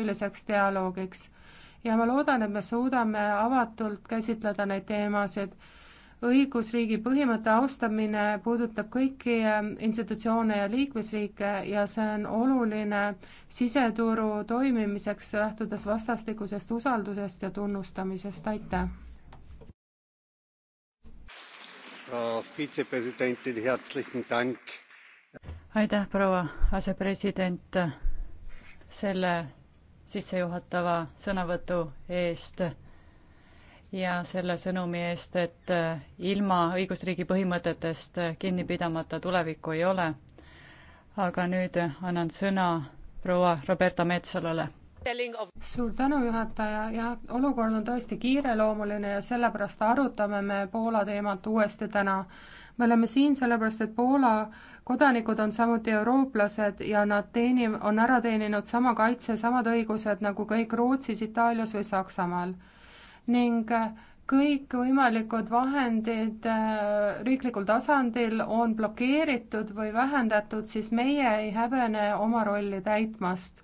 selliseks dialoogiks. ja ma loodan, et me suudame avatult käsitleda neid teemasid. õigusriigi põhimõtte austamine puudutab kõiki ähm, institutsioone ja liikmesriike ja see on oluline siseturu toimimiseks, lähtudes vastastikusest usaldusest ja tunnustamisest, aitäh! Frau Vizepräsidentin, herzlichen Dank aitäh, proua asepresident, selle sissejuhatava sõnavõtu eest ja selle sõnumi eest, et äh, ilma õigusriigi põhimõtetest kinni pidamata tulevikku ei ole. aga nüüd annan sõna proua Roberta Metsalale. suur tänu, juhataja, jah, olukord on tõesti kiireloomuline ja sellepärast arutame me Poola teemat uuesti täna me oleme siin sellepärast, et Poola kodanikud on samuti eurooplased ja nad teeni-, on ära teeninud sama kaitse, samad õigused nagu kõik Rootsis, Itaalias või Saksamaal. ning äh, kõikvõimalikud vahendid äh, riiklikul tasandil on blokeeritud või vähendatud, siis meie ei häbene oma rolli täitmast.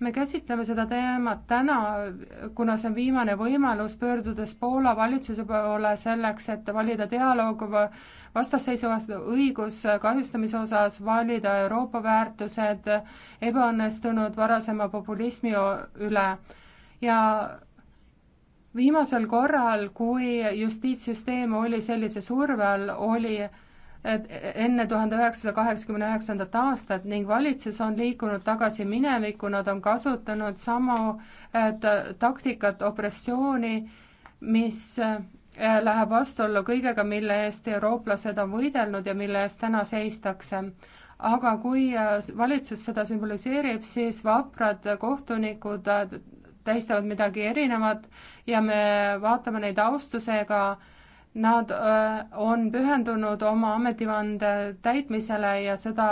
me käsitleme seda teemat täna, kuna see on viimane võimalus, pöördudes Poola valitsuse poole selleks, et valida dialoog vastasseisu vastu õigus kahjustamise osas valida Euroopa väärtused ebaõnnestunud varasema populismi üle ja viimasel korral, kui justiitssüsteem oli sellise surve all, oli enne tuhande üheksasaja kaheksakümne üheksandat aastat ning valitsus on liikunud tagasi minevikku, nad on kasutanud samu taktikat, opressiooni, mis Eh, läheb vastuollu kõigega, mille eest eurooplased on võidelnud ja mille eest täna seistakse. aga kui eh, valitsus seda sümboliseerib, siis vaprad kohtunikud eh, tähistavad midagi erinevat ja me vaatame neid austusega Nad on pühendunud oma ametivande täitmisele ja seda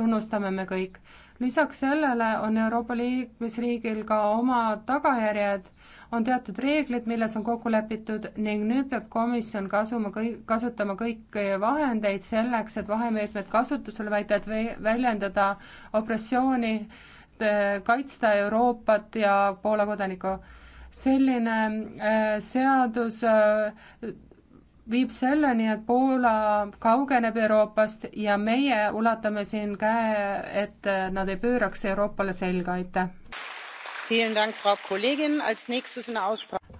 tunnustame me kõik. lisaks sellele on Euroopa liikmesriigil ka oma tagajärjed on teatud reeglid, milles on kokku lepitud ning nüüd peab komisjon kasuma kõik, kasutama kõiki vahendeid selleks, et vahemeetmed kasutusele võtta, et väljendada opressiooni, kaitsta Euroopat ja Poola kodanikku. selline äh, seadus äh, viib selleni, et Poola kaugeneb Euroopast ja meie ulatame siin käe, et äh, nad ei pööraks Euroopale selga, aitäh!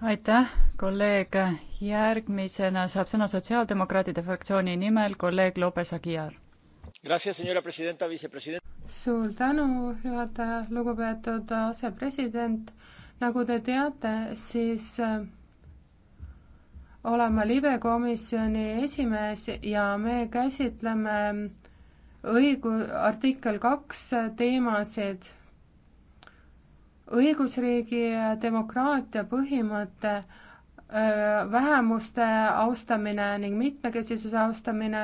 aitäh, kolleeg, järgmisena saab sõna Sotsiaaldemokraatide fraktsiooni nimel kolleeg Lopez Aguiar. suur tänu, juhataja, lugupeetud asepresident. nagu te teate, siis äh, olen ma libe komisjoni esimees ja me käsitleme õigu-, artikkel kaks teemasid õigusriigi ja demokraatia põhimõte, vähemuste austamine ning mitmekesisuse austamine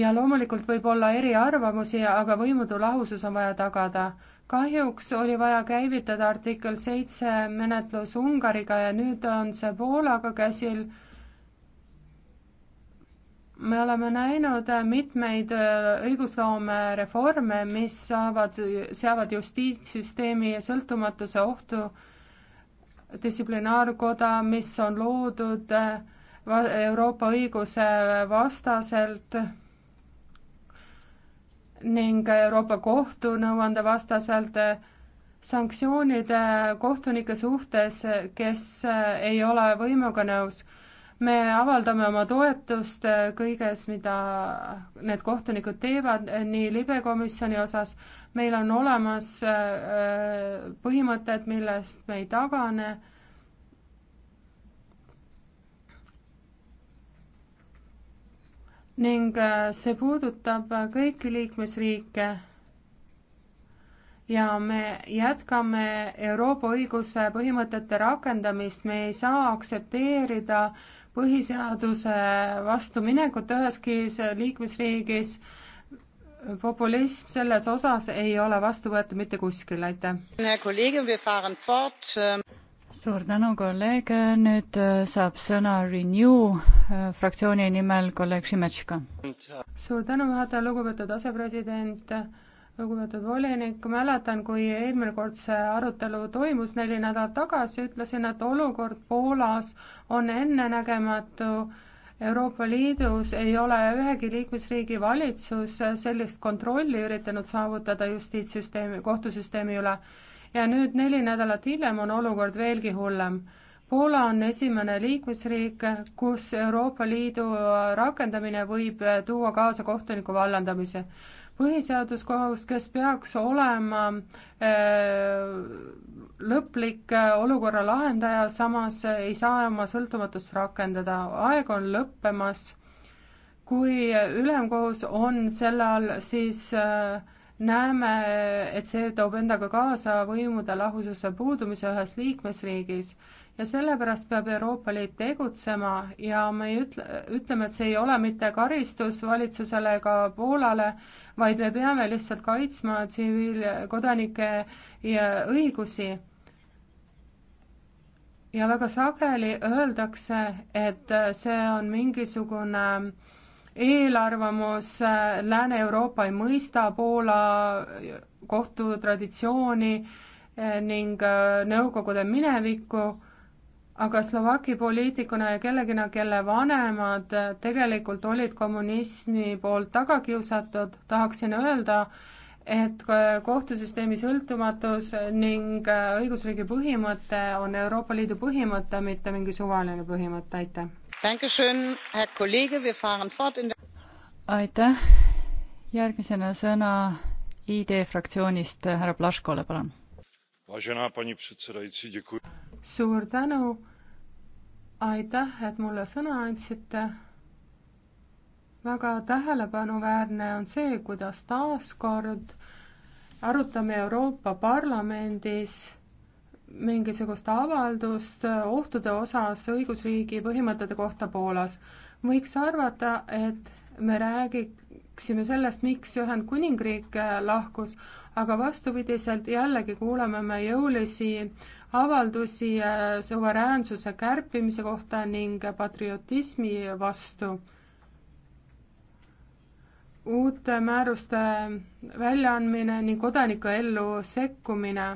ja loomulikult võib olla eriarvamusi, aga võimude lahusus on vaja tagada. kahjuks oli vaja käivitada artikkel seitse menetlus Ungariga ja nüüd on see Poolaga käsil me oleme näinud äh, mitmeid äh, õigusloomereforme, mis saavad, seavad justiitssüsteemi sõltumatuse ohtu, distsiplinaarkoda, mis on loodud äh, Euroopa õiguse vastaselt ning Euroopa Kohtu nõuande vastaselt sanktsioonide kohtunike suhtes, kes ei ole võimuga nõus me avaldame oma toetust äh, kõiges, mida need kohtunikud teevad, äh, nii libekomisjoni osas, meil on olemas äh, põhimõtted, millest me ei tagane, ning see puudutab kõiki liikmesriike ja me jätkame Euroopa õiguse põhimõtete rakendamist, me ei saa aktsepteerida äh, põhiseaduse vastuminekut üheski liikmesriigis, populism selles osas ei ole vastu võetud mitte kuskil, aitäh. Ähm. suur tänu, kolleeg, nüüd äh, saab sõna Renew äh, fraktsiooni nimel kolleeg Šimetška. suur tänu, juhataja, lugupeetud asepresident lugupeetud volinik, mäletan, kui eelmine kord see arutelu toimus neli nädalat tagasi, ütlesin, et olukord Poolas on ennenägematu. Euroopa Liidus ei ole ühegi liikmesriigi valitsus sellist kontrolli üritanud saavutada justiitssüsteemi, kohtusüsteemi üle. ja nüüd neli nädalat hiljem on olukord veelgi hullem. Poola on esimene liikmesriik, kus Euroopa Liidu rakendamine võib tuua kaasa kohtuniku vallandamise põhiseaduskohus, kes peaks olema äh, lõplik äh, olukorra lahendaja, samas ei saa oma sõltumatust rakendada, aeg on lõppemas. kui ülemkohus on selle all, siis äh, näeme, et see toob endaga kaasa võimude lahususe puudumise ühes liikmesriigis ja sellepärast peab Euroopa Liit tegutsema ja me ei ütle, ütleme, et see ei ole mitte karistus valitsusele ega Poolale, vaid me peame lihtsalt kaitsma tsiviilkodanike õigusi. ja väga sageli öeldakse, et see on mingisugune äh, eelarvamus, Lääne-Euroopa ei mõista Poola kohtutraditsiooni eh, ning eh, Nõukogude minevikku, aga Slovaki poliitikuna ja kellegina, kelle vanemad eh, tegelikult olid kommunismi poolt taga kiusatud, tahaksin öelda, et kohtusüsteemi sõltumatus ning õigusriigi põhimõte on Euroopa Liidu põhimõte, mitte mingi suvaline põhimõte, aitäh! aitäh, järgmisena sõna ID fraktsioonist härra Plaškole, palun. suur tänu, aitäh, et mulle sõna andsite. väga tähelepanuväärne on see, kuidas taaskord arutame Euroopa Parlamendis mingisugust avaldust ohtude osas õigusriigi põhimõtete kohta Poolas. võiks arvata, et me räägiksime sellest, miks Ühendkuningriik lahkus, aga vastupidiselt jällegi kuuleme me jõulisi avaldusi eh, suveräänsuse kärpimise kohta ning patriotismi vastu. uute määruste väljaandmine ning kodaniku ellu sekkumine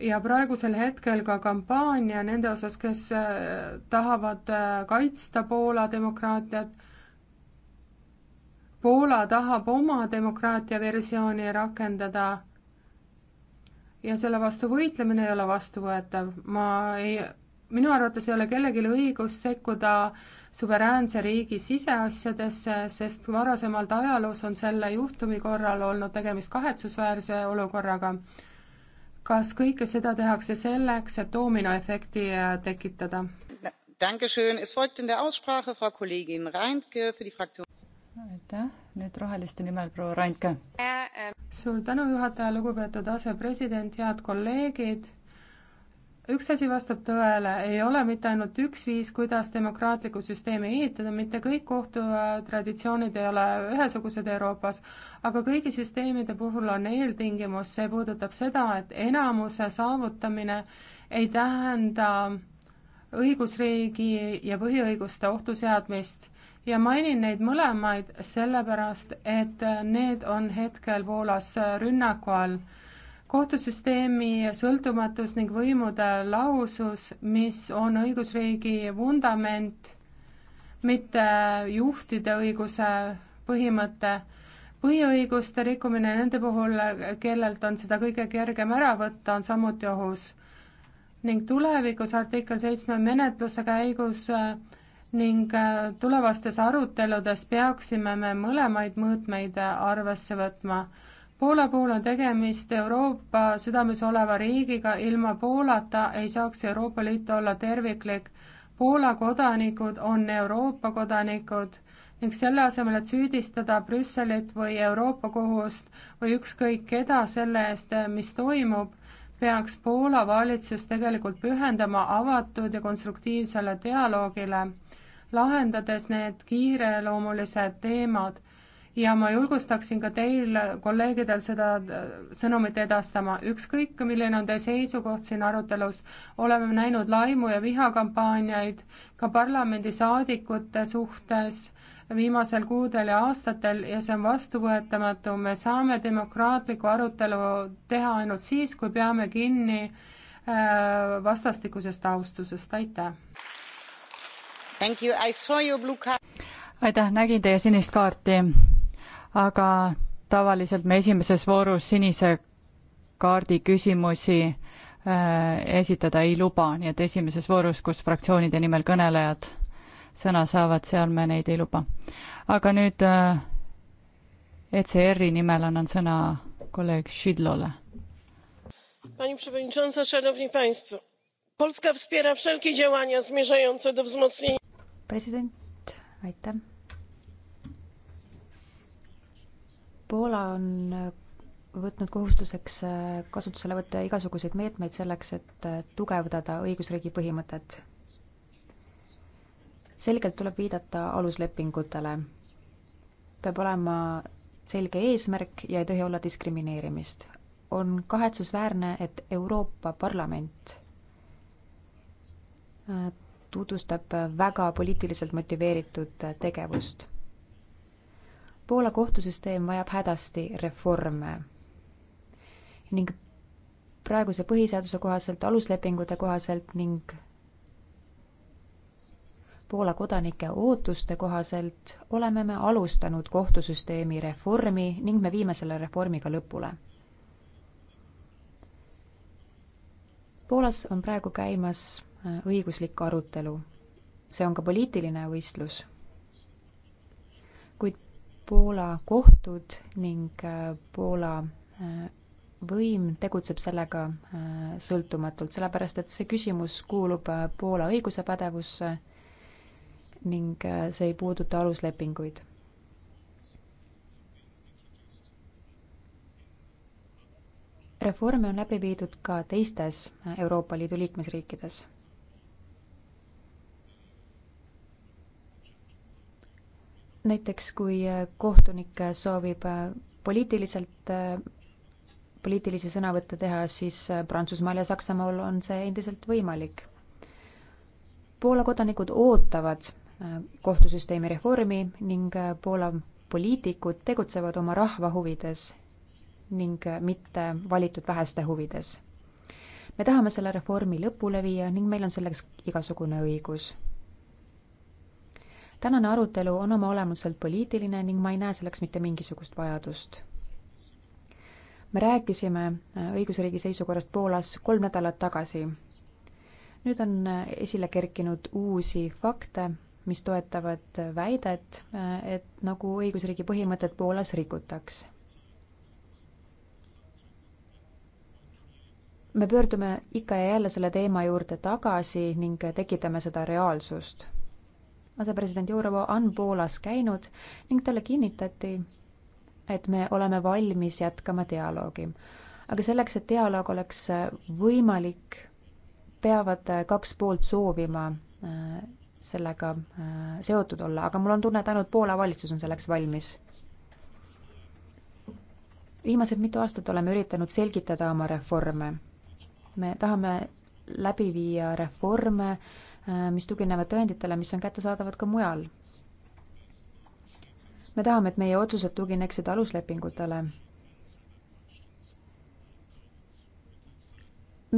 ja praegusel hetkel ka kampaania nende osas, kes äh, tahavad äh, kaitsta Poola demokraatiat. Poola tahab oma demokraatia versiooni rakendada ja selle vastu võitlemine ei ole vastuvõetav. ma ei, minu arvates ei ole kellelgi õigust sekkuda suveräänse riigi siseasjadesse, sest varasemalt ajaloos on selle juhtumi korral olnud tegemist kahetsusväärse olukorraga kas kõike seda tehakse selleks, et doominoefekti äh, tekitada? aitäh, nüüd Roheliste nimel proua Randke. Äh, äh. suur tänu, juhataja, lugupeetud asepresident, head kolleegid üks asi vastab tõele, ei ole mitte ainult üks viis, kuidas demokraatlikku süsteemi ehitada, mitte kõik kohtutraditsioonid ei ole ühesugused Euroopas, aga kõigi süsteemide puhul on eeltingimus, see puudutab seda, et enamuse saavutamine ei tähenda õigusriigi ja põhiõiguste ohtu seadmist. ja mainin neid mõlemaid sellepärast, et need on hetkel Poolas rünnaku all kohtusüsteemi sõltumatus ning võimude lausus, mis on õigusriigi vundament, mitte juhtide õiguse põhimõte. põhiõiguste rikkumine nende puhul, kellelt on seda kõige kergem ära võtta, on samuti ohus. ning tulevikus artikkel seitsme menetluse käigus äh, ning äh, tulevastes aruteludes peaksime me mõlemaid mõõtmeid äh, arvesse võtma Poola puhul on tegemist Euroopa südames oleva riigiga, ilma Poolata ei saaks Euroopa Liit olla terviklik. Poola kodanikud on Euroopa kodanikud ning selle asemel, et süüdistada Brüsselit või Euroopa Kohust või ükskõik keda selle eest, mis toimub, peaks Poola valitsus tegelikult pühendama avatud ja konstruktiivsele dialoogile, lahendades need kiireloomulised teemad ja ma julgustaksin ka teil, kolleegidel, seda äh, sõnumit edastama. ükskõik, milline on teie seisukoht siin arutelus, oleme näinud laimu- ja vihakampaaniaid ka parlamendisaadikute suhtes viimasel kuudel ja aastatel ja see on vastuvõetamatu. me saame demokraatlikku arutelu teha ainult siis, kui peame kinni äh, vastastikusest austusest, aitäh! aitäh, nägin teie sinist kaarti aga tavaliselt me esimeses voorus sinise kaardi küsimusi äh, esitada ei luba, nii et esimeses voorus, kus fraktsioonide nimel kõnelejad sõna saavad, seal me neid ei luba. aga nüüd äh, ECR-i nimel annan sõna kolleeg Šidlole. Pani przewodnicząca, szanowni państwo, Polska wspiera wszelkie działania zmierzające do wzmocnienia. Prezydent, aitäh Poola on äh, võtnud kohustuseks äh, kasutusele võtta igasuguseid meetmeid selleks, et äh, tugevdada õigusriigi põhimõtet. selgelt tuleb viidata aluslepingutele. peab olema selge eesmärk ja ei tohi olla diskrimineerimist. on kahetsusväärne, et Euroopa Parlament tutvustab väga poliitiliselt motiveeritud tegevust Poola kohtusüsteem vajab hädasti reforme ning praeguse põhiseaduse kohaselt, aluslepingute kohaselt ning Poola kodanike ootuste kohaselt oleme me alustanud kohtusüsteemi reformi ning me viime selle reformi ka lõpule. Poolas on praegu käimas õiguslik arutelu. see on ka poliitiline võistlus Poola kohtud ning äh, Poola äh, võim tegutseb sellega äh, sõltumatult, sellepärast et see küsimus kuulub Poola õiguse pädevusse ning see ei puuduta aluslepinguid. reforme on läbi viidud ka teistes Euroopa Liidu liikmesriikides näiteks kui äh, kohtunik äh, soovib äh, poliitiliselt, poliitilisi sõnavõtte teha, siis Prantsusmaal ja Saksamaal on see endiselt võimalik. Poola kodanikud ootavad kohtusüsteemi reformi ning Poola poliitikud tegutsevad oma rahva huvides ning mitte valitud väheste huvides. me tahame selle reformi lõpule viia ning meil on selleks igasugune õigus tänane arutelu on oma olemuselt poliitiline ning ma ei näe selleks mitte mingisugust vajadust. me rääkisime äh, õigusriigi seisukorrast Poolas kolm nädalat tagasi. nüüd on äh, esile kerkinud uusi fakte, mis toetavad äh, väidet, et nagu õigusriigi põhimõtet Poolas rikutaks me pöördume ikka ja jälle selle teema juurde tagasi ning tekitame seda reaalsust asepresident Jourova on Poolas käinud ning talle kinnitati, et me oleme valmis jätkama dialoogi. aga selleks, et dialoog oleks võimalik, peavad kaks poolt soovima äh, sellega äh, seotud olla, aga mul on tunne, et ainult Poola valitsus on selleks valmis. viimased mitu aastat oleme üritanud selgitada oma reforme. me tahame läbi viia reforme, Äh, mis tuginevad tõenditele, mis on kättesaadavad ka mujal. me tahame, et meie otsused tugineksid aluslepingutele.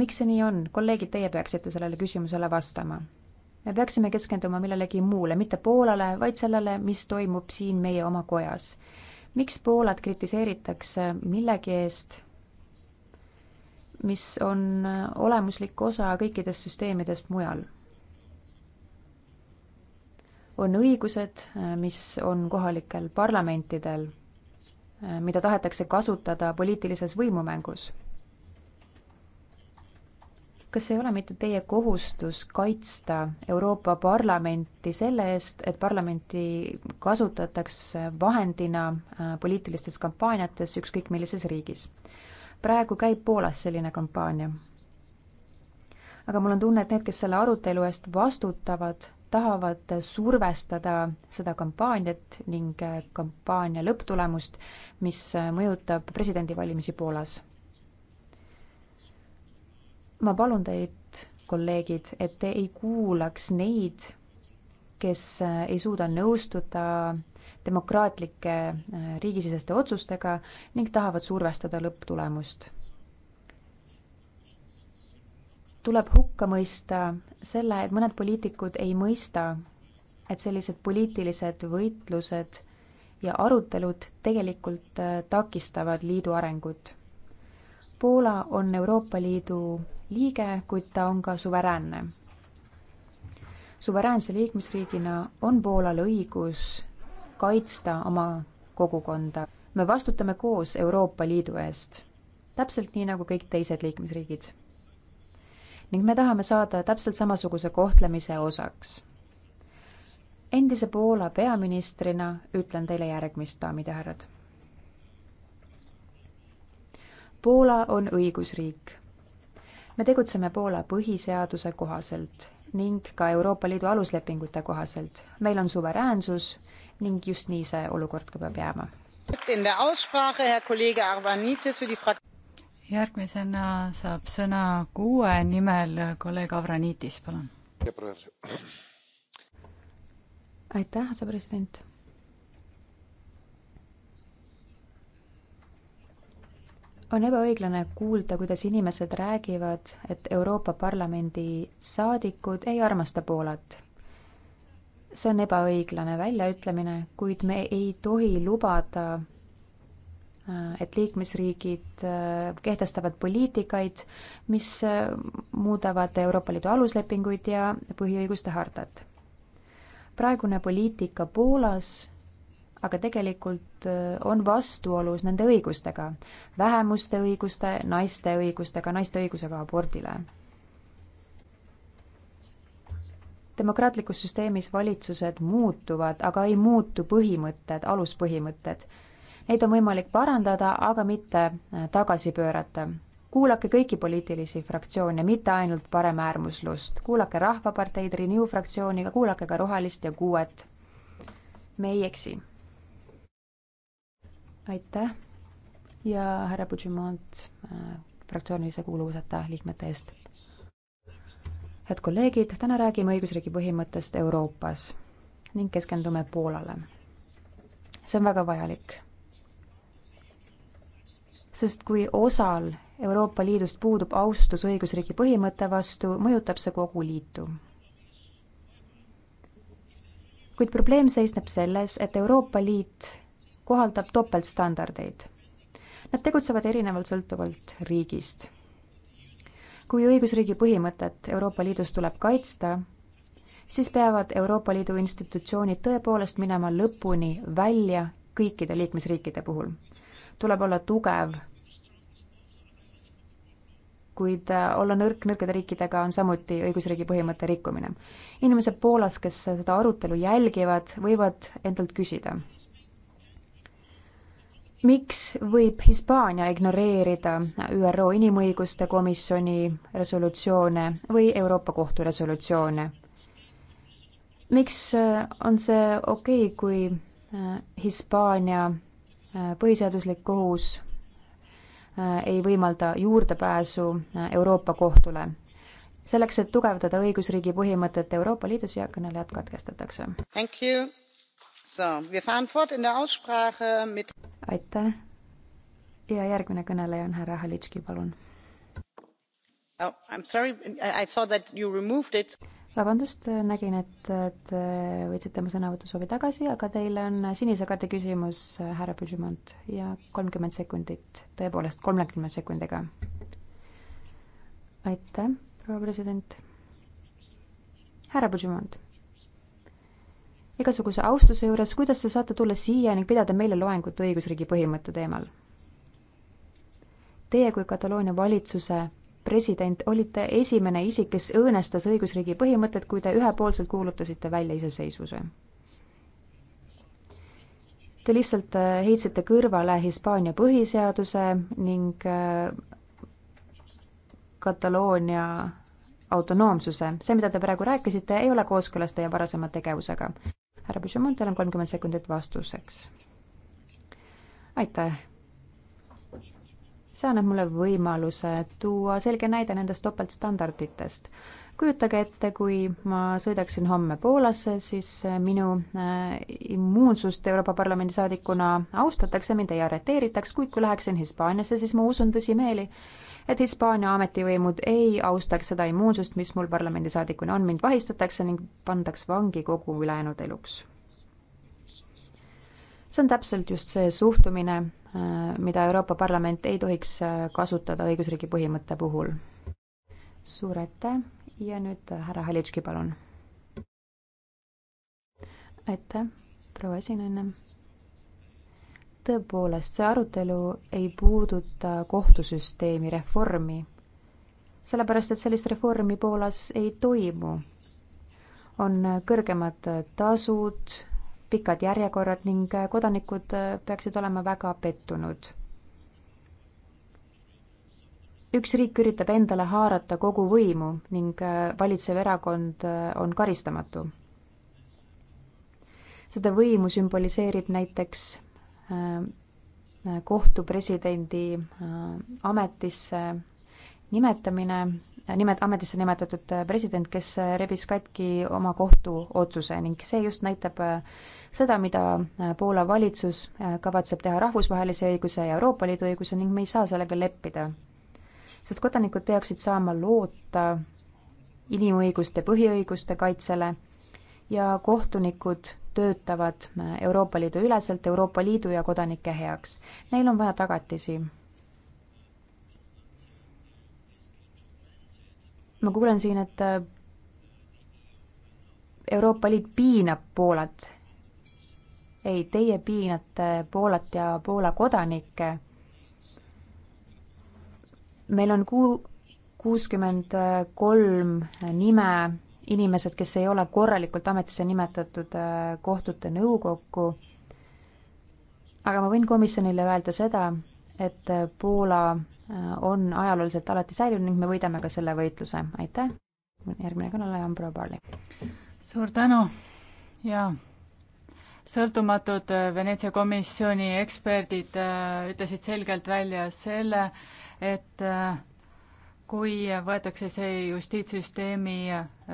miks see nii on? kolleegid, teie peaksite sellele küsimusele vastama. me peaksime keskenduma millelegi muule, mitte Poolale, vaid sellele, mis toimub siin meie oma kojas. miks Poolat kritiseeritakse millegi eest, mis on olemuslik osa kõikidest süsteemidest mujal on õigused, äh, mis on kohalikel parlamentidel, äh, mida tahetakse kasutada poliitilises võimumängus. kas ei ole mitte teie kohustus kaitsta Euroopa Parlamenti selle eest, et parlamenti kasutatakse vahendina äh, poliitilistes kampaaniates ükskõik millises riigis? praegu käib Poolas selline kampaania. aga mul on tunne, et need, kes selle arutelu eest vastutavad, tahavad survestada seda kampaaniat ning kampaania lõpptulemust, mis mõjutab presidendivalimisi Poolas. ma palun teid, kolleegid, et te ei kuulaks neid, kes ei suuda nõustuda demokraatlike riigisiseste otsustega ning tahavad survestada lõpptulemust tuleb hukka mõista selle, et mõned poliitikud ei mõista, et sellised poliitilised võitlused ja arutelud tegelikult äh, takistavad liidu arengut. Poola on Euroopa Liidu liige, kuid ta on ka suveräänne. suveräänse liikmesriigina on Poolal õigus kaitsta oma kogukonda. me vastutame koos Euroopa Liidu eest, täpselt nii nagu kõik teised liikmesriigid ning me tahame saada täpselt samasuguse kohtlemise osaks. endise Poola peaministrina ütlen teile järgmist, daamid ja härrad. Poola on õigusriik. me tegutseme Poola põhiseaduse kohaselt ning ka Euroopa Liidu aluslepingute kohaselt. meil on suveräänsus ning just nii see olukord ka peab jääma järgmisena saab sõna kuue nimel kolleeg Avranitis, palun. aitäh, asepresident on ebaõiglane kuulda, kuidas inimesed räägivad, et Euroopa Parlamendi saadikud ei armasta Poolat. see on ebaõiglane väljaütlemine, kuid me ei tohi lubada Äh, et liikmesriigid äh, kehtestavad poliitikaid, mis äh, muudavad Euroopa Liidu aluslepinguid ja põhiõiguste hardat. praegune poliitika Poolas aga tegelikult on vastuolus nende õigustega, vähemuste õiguste, naiste õigustega, naiste õigusega abordile. demokraatlikus süsteemis valitsused muutuvad, aga ei muutu põhimõtted, aluspõhimõtted Neid on võimalik parandada, aga mitte äh, tagasi pöörata. kuulake kõiki poliitilisi fraktsioone, mitte ainult paremäärmuslust. kuulake Rahvaparteid, Renew fraktsiooni, kuulake ka Rohelist ja Kuuet. me ei eksi. aitäh ja härra Puigdemont äh, fraktsioonilise kuuluvuseta liikmete eest. head kolleegid, täna räägime õigusriigi põhimõttest Euroopas ning keskendume Poolale. see on väga vajalik sest kui osal Euroopa Liidust puudub austus õigusriigi põhimõtte vastu, mõjutab see kogu liitu. kuid probleem seisneb selles, et Euroopa Liit kohaldab topeltstandardeid. Nad tegutsevad erinevalt sõltuvalt riigist. kui õigusriigi põhimõtet Euroopa Liidus tuleb kaitsta, siis peavad Euroopa Liidu institutsioonid tõepoolest minema lõpuni välja kõikide liikmesriikide puhul. tuleb olla tugev kuid äh, olla nõrk nõrkade riikidega on samuti õigusriigi põhimõtte rikkumine. inimesed Poolas, kes seda arutelu jälgivad, võivad endalt küsida, miks võib Hispaania ignoreerida ÜRO Inimõiguste Komisjoni resolutsioone või Euroopa Kohtu resolutsioone? miks äh, on see okei okay,, kui äh, Hispaania põhiseaduslik kohus Äh, ei võimalda juurdepääsu äh, Euroopa Kohtule. selleks, et tugevdada õigusriigi põhimõtet Euroopa Liidus ja kõnelejad katkestatakse. Mit... aitäh ja järgmine kõneleja on härra Halitski, palun. Oh, I am sorry, I saw that you removed it vabandust, nägin, et te võtsite oma sõnavõtusoovi tagasi, aga teil on sinise kaardi küsimus, härra Püsimont, ja kolmkümmend sekundit, tõepoolest kolmekümne sekundiga. aitäh, proua president. härra Püsimont, igasuguse austuse juures, kuidas te saate tulla siia ning pidada meile loengut õigusriigi põhimõtte teemal? Teie kui Kataloonia valitsuse president, olite esimene isik, kes õõnestas õigusriigi põhimõtet, kui te ühepoolselt kuulutasite välja iseseisvuse. Te lihtsalt äh, heitsite kõrvale Hispaania põhiseaduse ning äh, Kataloonia autonoomsuse. see, mida te praegu rääkisite, ei ole kooskõlas teie varasema tegevusega. härra Püšemont, teil on kolmkümmend sekundit vastuseks. aitäh see annab mulle võimaluse tuua selge näide nendest topeltstandarditest. kujutage ette, kui ma sõidaksin homme Poolasse, siis minu äh, immuunsust Euroopa Parlamendi saadikuna austatakse, mind ei arreteeritaks, kuid kui läheksin Hispaaniasse, siis ma usun tõsimeeli, et Hispaania ametivõimud ei austaks seda immuunsust, mis mul parlamendisaadikuna on, mind vahistatakse ning pandaks vangi kogu ülejäänud eluks see on täpselt just see suhtumine, äh, mida Euroopa Parlament ei tohiks äh, kasutada õigusriigi põhimõtte puhul. suur aitäh ja nüüd äh, härra Halitški, palun. aitäh, proua esinaine. tõepoolest, see arutelu ei puuduta kohtusüsteemi reformi, sellepärast et sellist reformi Poolas ei toimu. on kõrgemad tasud pikad järjekorrad ning äh, kodanikud äh, peaksid olema väga pettunud. üks riik üritab endale haarata kogu võimu ning äh, valitsev erakond on karistamatu. seda võimu sümboliseerib näiteks kohtupresidendi ametisse nimetamine, nimet-, ametisse nimetatud president, kes rebis katki oma kohtuotsuse ning see just näitab äh, seda, mida äh, Poola valitsus äh, kavatseb teha rahvusvahelise õiguse ja Euroopa Liidu õiguse ning me ei saa sellega leppida. sest kodanikud peaksid saama loota inimõiguste, põhiõiguste kaitsele ja kohtunikud töötavad äh, Euroopa Liidu üleselt Euroopa Liidu ja kodanike heaks. Neil on vaja tagatisi ma kuulen siin, et Euroopa Liit piinab Poolat ei, teie piinate Poolat ja Poola kodanikke. meil on ku-, kuuskümmend kolm nime, inimesed, kes ei ole korralikult ametisse nimetatud äh, kohtute nõukokku, aga ma võin komisjonile öelda seda, et äh, Poola äh, on ajalooliselt alati säilinud ning me võidame ka selle võitluse, aitäh! järgmine kõneleja on proua Parli. suur tänu ja sõltumatud äh, Veneetsia komisjoni eksperdid äh, ütlesid selgelt välja selle, et äh, kui võetakse see justiitssüsteemi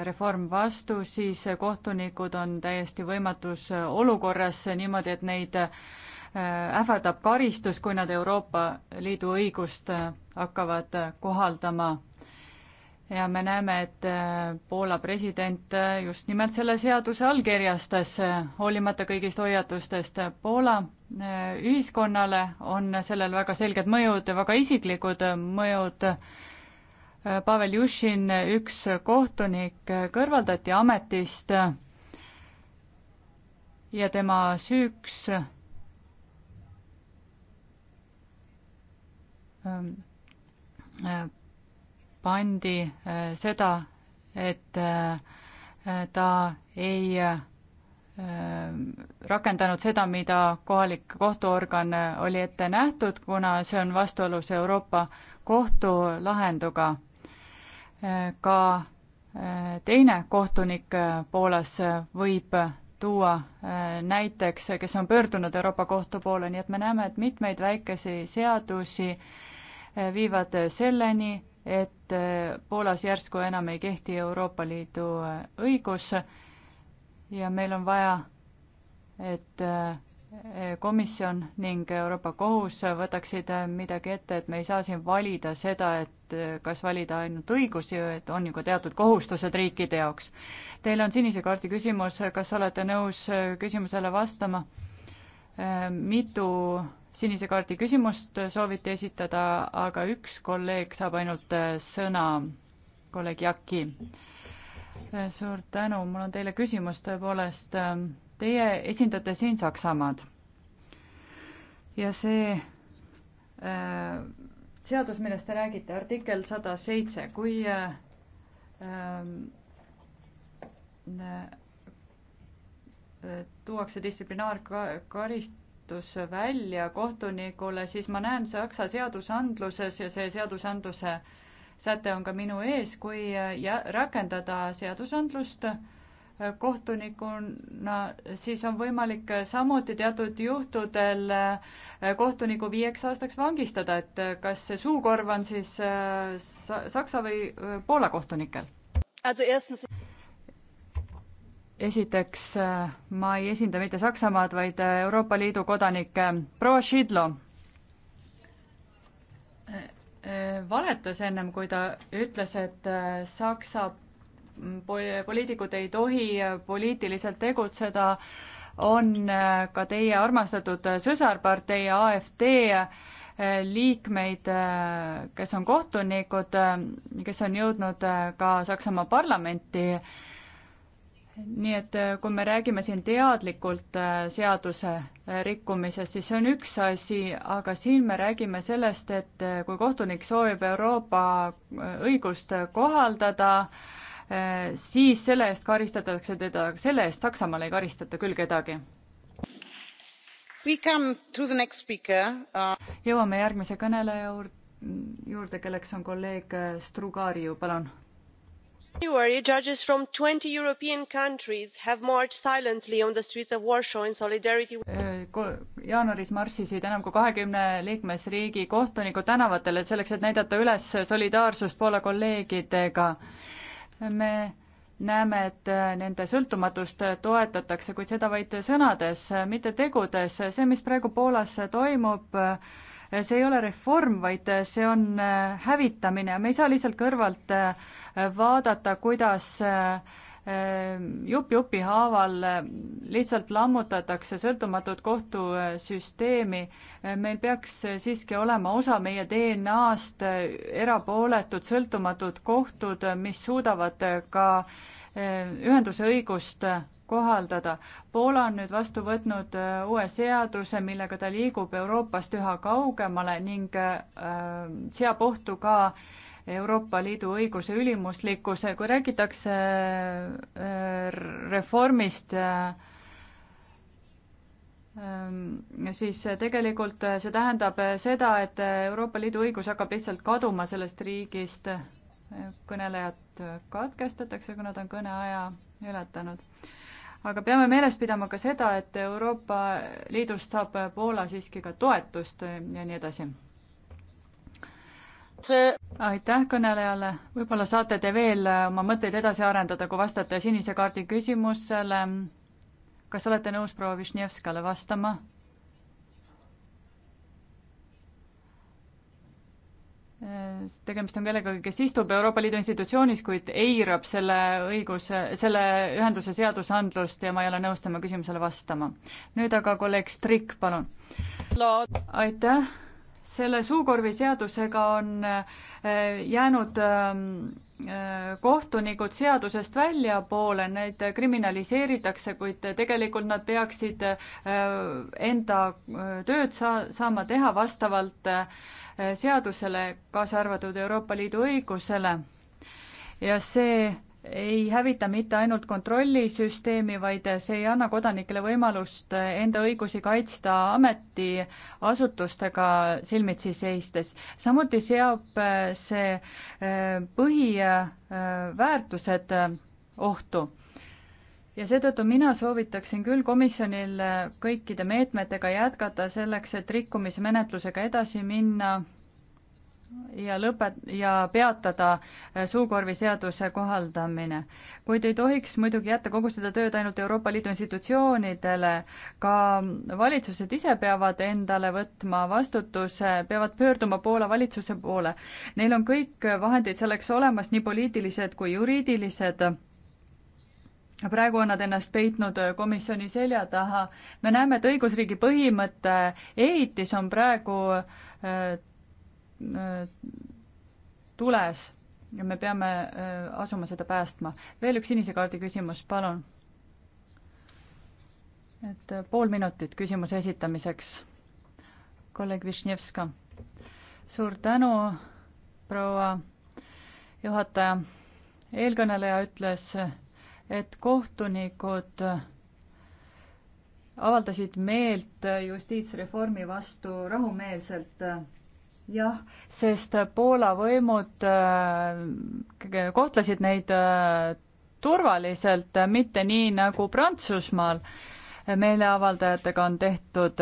reform vastu, siis kohtunikud on täiesti võimatus olukorras niimoodi, et neid ähvardab karistus, kui nad Euroopa Liidu õigust hakkavad kohaldama ja me näeme, et äh, Poola president äh, just nimelt selle seaduse allkirjastas, äh, hoolimata kõigist hoiatustest. Poola ühiskonnale on sellel väga selged mõjud, väga isiklikud mõjud. Pavel Jušin, üks kohtunik, kõrvaldati ametist ja tema süüks pandi äh, seda, et äh, ta ei äh, rakendanud seda, mida kohalik kohtuorgan oli ette nähtud, kuna see on vastuolus Euroopa Kohtu lahenduga. ka teine kohtunik Poolas võib tuua näiteks, kes on pöördunud Euroopa Kohtu poole, nii et me näeme, et mitmeid väikesi seadusi viivad selleni, et äh, Poolas järsku enam ei kehti Euroopa Liidu äh, õigus ja meil on vaja, et äh, komisjon ning Euroopa Kohus võtaksid midagi ette, et me ei saa siin valida seda, et kas valida ainult õigusi, et on ju ka teatud kohustused riikide jaoks. Teil on sinise kaardi küsimus, kas olete nõus küsimusele vastama? mitu sinise kaardi küsimust soovite esitada, aga üks kolleeg saab ainult äh, sõna, kolleeg Jaki. Äh, suur tänu, mul on teile küsimus tõepoolest. Ähm, teie esindate siin Saksamaad ja see äh, seadus, millest te räägite, artikkel sada seitse, kui äh, ähm, äh, tuuakse distsiplinaarkarist-, märkus välja kohtunikule, siis ma näen Saksa seadusandluses ja see seadusandluse säte on ka minu ees, kui jä-, rakendada seadusandlust äh, kohtunikuna, siis on võimalik samuti teatud juhtudel äh, kohtuniku viieks aastaks vangistada, et äh, kas see suukorv on siis Saksa või Poola kohtunikel? esiteks äh, ma ei esinda mitte Saksamaad, vaid äh, Euroopa Liidu kodanikke. proua Šidlo äh, valetas ennem, kui ta ütles, et Saksa mm, poliitikud ei tohi poliitiliselt tegutseda, on ka teie armastatud sõsarpartei AfD liikmeid, kes on kohtunikud, kes on jõudnud ka Saksamaa parlamenti nii et äh, kui me räägime siin teadlikult äh, seaduse äh, rikkumisest, siis see on üks asi, aga siin me räägime sellest, et kui kohtunik soovib Euroopa õigust kohaldada, siis selle eest karistatakse teda, selle eest Saksamaal ei karistata küll kedagi. Uh, jõuame järgmise kõneleja juurde, juurde, kelleks on kolleeg Strugariu, palun january judges from twenty european countries have marched silently on the streets of warsaw in solidarity. Eh, jaanuaris marssisid enam kui kahekümne liikmesriigi kohtunikud tänavatele selleks, et näidata üles solidaarsust Poola kolleegidega. me näeme, et eh, nende sõltumatust toetatakse, kuid seda vaid sõnades, mitte tegudes. see, mis praegu Poolas toimub, see ei ole reform, vaid äh, see on äh, hävitamine, me ei saa lihtsalt kõrvalt äh, vaadata, kuidas jupp jupi haaval lihtsalt lammutatakse sõltumatut kohtusüsteemi. meil peaks siiski olema osa meie DNA-st erapooletud sõltumatud kohtud, mis suudavad ka ühenduse õigust kohaldada. Poola on nüüd vastu võtnud äh, uue seaduse, millega ta liigub Euroopast üha kaugemale ning äh, seab ohtu ka Euroopa Liidu õiguse ülimuslikkuse, kui räägitakse äh, reformist, siis tegelikult see tähendab seda, et Euroopa Liidu õigus hakkab lihtsalt kaduma sellest riigist. kõnelejad katkestatakse, kui nad on kõneaja ületanud aga peame meeles pidama ka seda, et Euroopa Liidust saab Poola siiski ka toetust eh, ja nii edasi. see aitäh kõnelejale, võib-olla saate te veel eh, oma mõtteid edasi arendada, kui vastate sinise kaardi küsimusele. kas olete nõus proua Višnjevskale vastama? tegemist on kellegagi, kes istub Euroopa Liidu institutsioonis, kuid eirab selle õiguse, selle ühenduse seadusandlust ja ma ei ole nõus tema küsimusele vastama. nüüd aga kolleeg Strik, palun. aitäh, selle suukorvi seadusega on äh, jäänud ähm, äh, kohtunikud seadusest väljapoole, neid kriminaliseeritakse, kuid tegelikult nad peaksid äh, enda tööd saa-, saama teha vastavalt äh, seadusele, kaasa arvatud Euroopa Liidu õigusele. ja see ei hävita mitte ainult kontrollisüsteemi, vaid see ei anna kodanikele võimalust enda õigusi kaitsta ametiasutustega silmitsi seistes. samuti seab see eh, põhiväärtused eh, ohtu ja seetõttu mina soovitaksin küll komisjonil äh, kõikide meetmetega jätkata selleks, et rikkumismenetlusega edasi minna ja lõpet- ja peatada äh, suukorviseaduse kohaldamine. kuid ei tohiks muidugi jätta kogu seda tööd ainult Euroopa Liidu institutsioonidele, ka valitsused ise peavad endale võtma vastutuse, peavad pöörduma Poola valitsuse poole. Neil on kõik vahendid selleks olemas, nii poliitilised kui juriidilised praegu on nad ennast peitnud äh, komisjoni selja taha. me näeme, et õigusriigi põhimõte ehitis on praegu äh, äh, tules ja me peame asuma seda päästma. veel üks sinise kaardi küsimus, palun. et pool minutit küsimuse esitamiseks. kolleeg Višnjevska. suur tänu, proua juhataja. eelkõneleja ütles et kohtunikud avaldasid meelt justiitsreformi vastu rahumeelselt. jah, sest Poola võimud äh, kohtlesid neid äh, turvaliselt, äh, mitte nii nagu Prantsusmaal meeleavaldajatega on tehtud,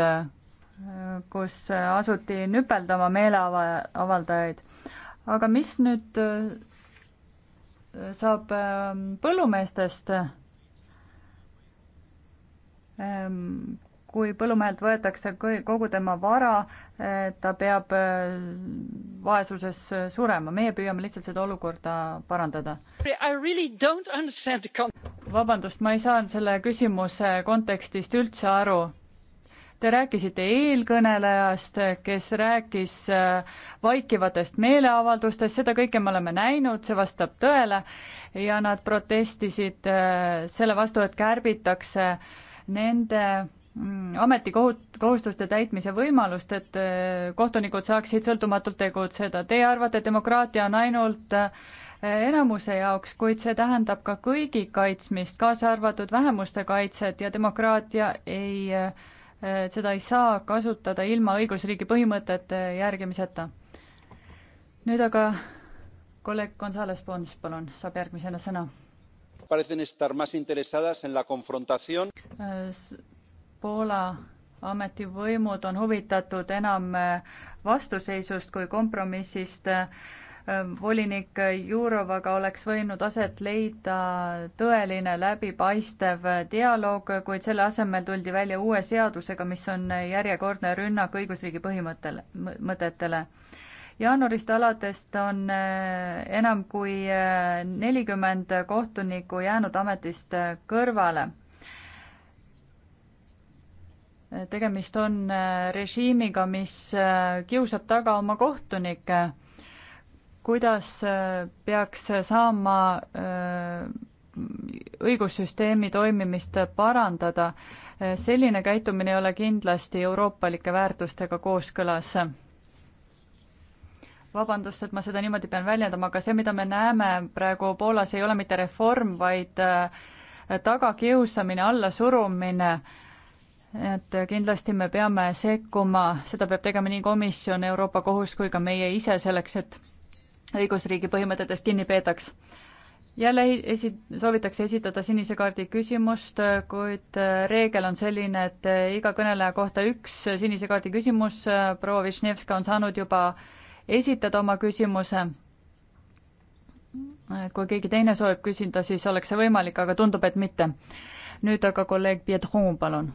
kus asuti nüpeldama meeleavaldajaid. aga mis nüüd saab ähm, põllumeestest. Ähm, kui põllumehelt võetakse kogu tema vara, äh, ta peab äh, vaesuses äh, surema, meie püüame lihtsalt seda olukorda parandada. Really vabandust, ma ei saanud selle küsimuse kontekstist üldse aru Te rääkisite eelkõnelejast, kes rääkis äh, vaikivatest meeleavaldustest, seda kõike me oleme näinud, see vastab tõele, ja nad protestisid äh, selle vastu, et kärbitakse nende mm, ametikohut-, kohustuste täitmise võimalust, et äh, kohtunikud saaksid sõltumatult tegutseda. Teie arvate, demokraatia on ainult enamuse jaoks, kuid see tähendab ka kõigi kaitsmist, kaasa arvatud vähemuste kaitset ja demokraatia ei äh, seda ei saa kasutada ilma õigusriigi põhimõtete järgimiseta. nüüd aga kolleeg Gonzales Pons, palun, saab järgmisena sõna. Äh, Poola ametivõimud on huvitatud enam äh, vastuseisust kui kompromissist äh, Ehm, volinik Jurovaga oleks võinud aset leida tõeline läbipaistev dialoog, kuid selle asemel tuldi välja uue seadusega, mis on järjekordne rünnak õigusriigi põhimõttele, mõtetele jaanuarist alates on eh, enam kui eh, nelikümmend kohtunikku jäänud ametist kõrvale. tegemist on eh, režiimiga, mis kiusab taga oma kohtunikke kuidas äh, peaks äh, saama äh, õigussüsteemi toimimist parandada. selline käitumine ei ole kindlasti euroopalike väärtustega kooskõlas. vabandust, et ma seda niimoodi pean väljendama, aga see, mida me näeme praegu Poolas, ei ole mitte reform, vaid tagakiusamine, allasurumine et kindlasti me peame sekkuma, seda peab tegema nii komisjon, Euroopa Kohus kui ka meie ise selleks, et õigusriigi põhimõtetest kinni peetaks. jälle esi-, soovitakse esitada sinise kaardi küsimust, kuid äh, reegel on selline, et äh, iga kõneleja kohta üks sinise kaardi küsimus, äh, proua Višnevska on saanud juba esitada oma küsimuse et kui keegi teine soovib küsida, siis oleks see võimalik, aga tundub, et mitte. nüüd aga kolleeg Pietron, palun.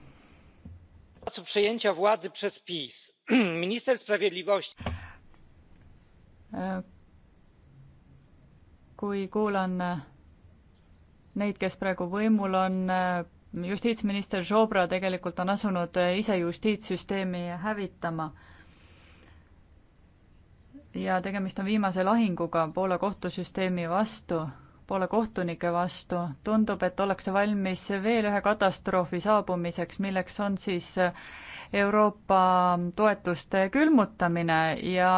kui kuulan äh, neid, kes praegu võimul on, äh, justiitsminister Žobra tegelikult on asunud äh, ise justiitssüsteemi hävitama. ja tegemist on viimase lahinguga Poola kohtusüsteemi vastu, Poola kohtunike vastu. tundub, et ollakse valmis veel ühe katastroofi saabumiseks, milleks on siis Euroopa toetuste külmutamine ja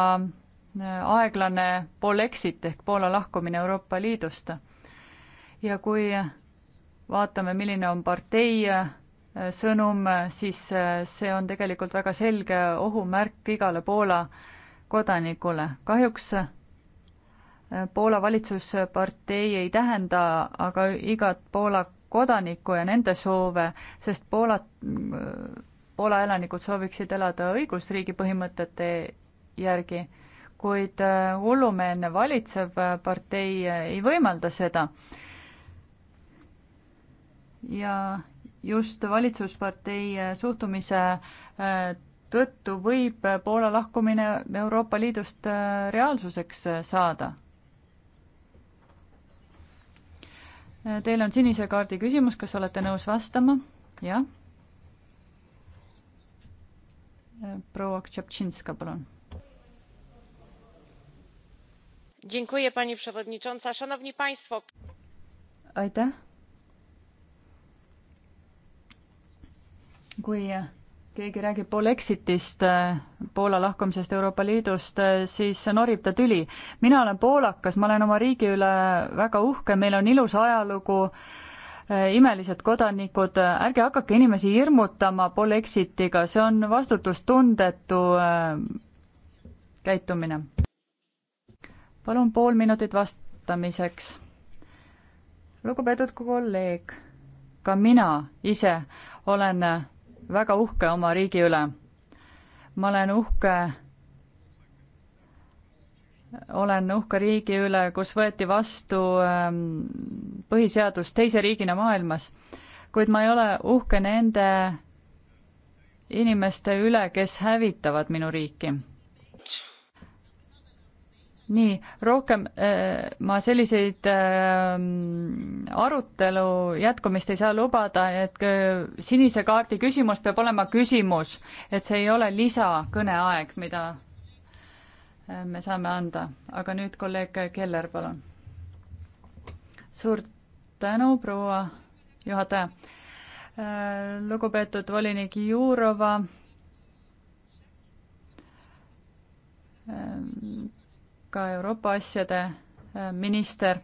aeglane Polexit ehk Poola lahkumine Euroopa Liidust. ja kui vaatame, milline on partei äh, sõnum, siis äh, see on tegelikult väga selge ohumärk igale Poola kodanikule. kahjuks äh, Poola valitsuspartei ei tähenda aga igat Poola kodanikku ja nende soove, sest Poola, Poola elanikud sooviksid elada õigusriigi põhimõtete järgi kuid äh, hullumeelne valitsev äh, partei äh, ei võimalda seda. ja just valitsuspartei suhtumise tõttu võib Poola lahkumine Euroopa Liidust reaalsuseks saada. Teil on sinise kaardi küsimus, kas olete nõus vastama? jah. proua Tšaptšinska, palun aitäh. kui keegi räägib Polexitist, Poola lahkumisest Euroopa Liidust, siis norib ta tüli. mina olen poolakas, ma olen oma riigi üle väga uhke, meil on ilus ajalugu, imelised kodanikud, ärge hakake inimesi hirmutama Polexitiga, see on vastutustundetu käitumine palun pool minutit vastamiseks. lugupeetud kolleeg, ka mina ise olen väga uhke oma riigi üle. ma olen uhke olen uhke riigi üle, kus võeti vastu ähm, põhiseadus teise riigina maailmas, kuid ma ei ole uhke nende inimeste üle, kes hävitavad minu riiki nii, rohkem äh, ma selliseid äh, arutelu jätkumist ei saa lubada, et äh, sinise kaardi küsimus peab olema küsimus, et see ei ole lisakõneaeg, mida äh, me saame anda. aga nüüd kolleeg Keller, palun. suur tänu, proua juhataja äh,. lugupeetud volinik Jurova äh, ka Euroopa asjade äh, minister.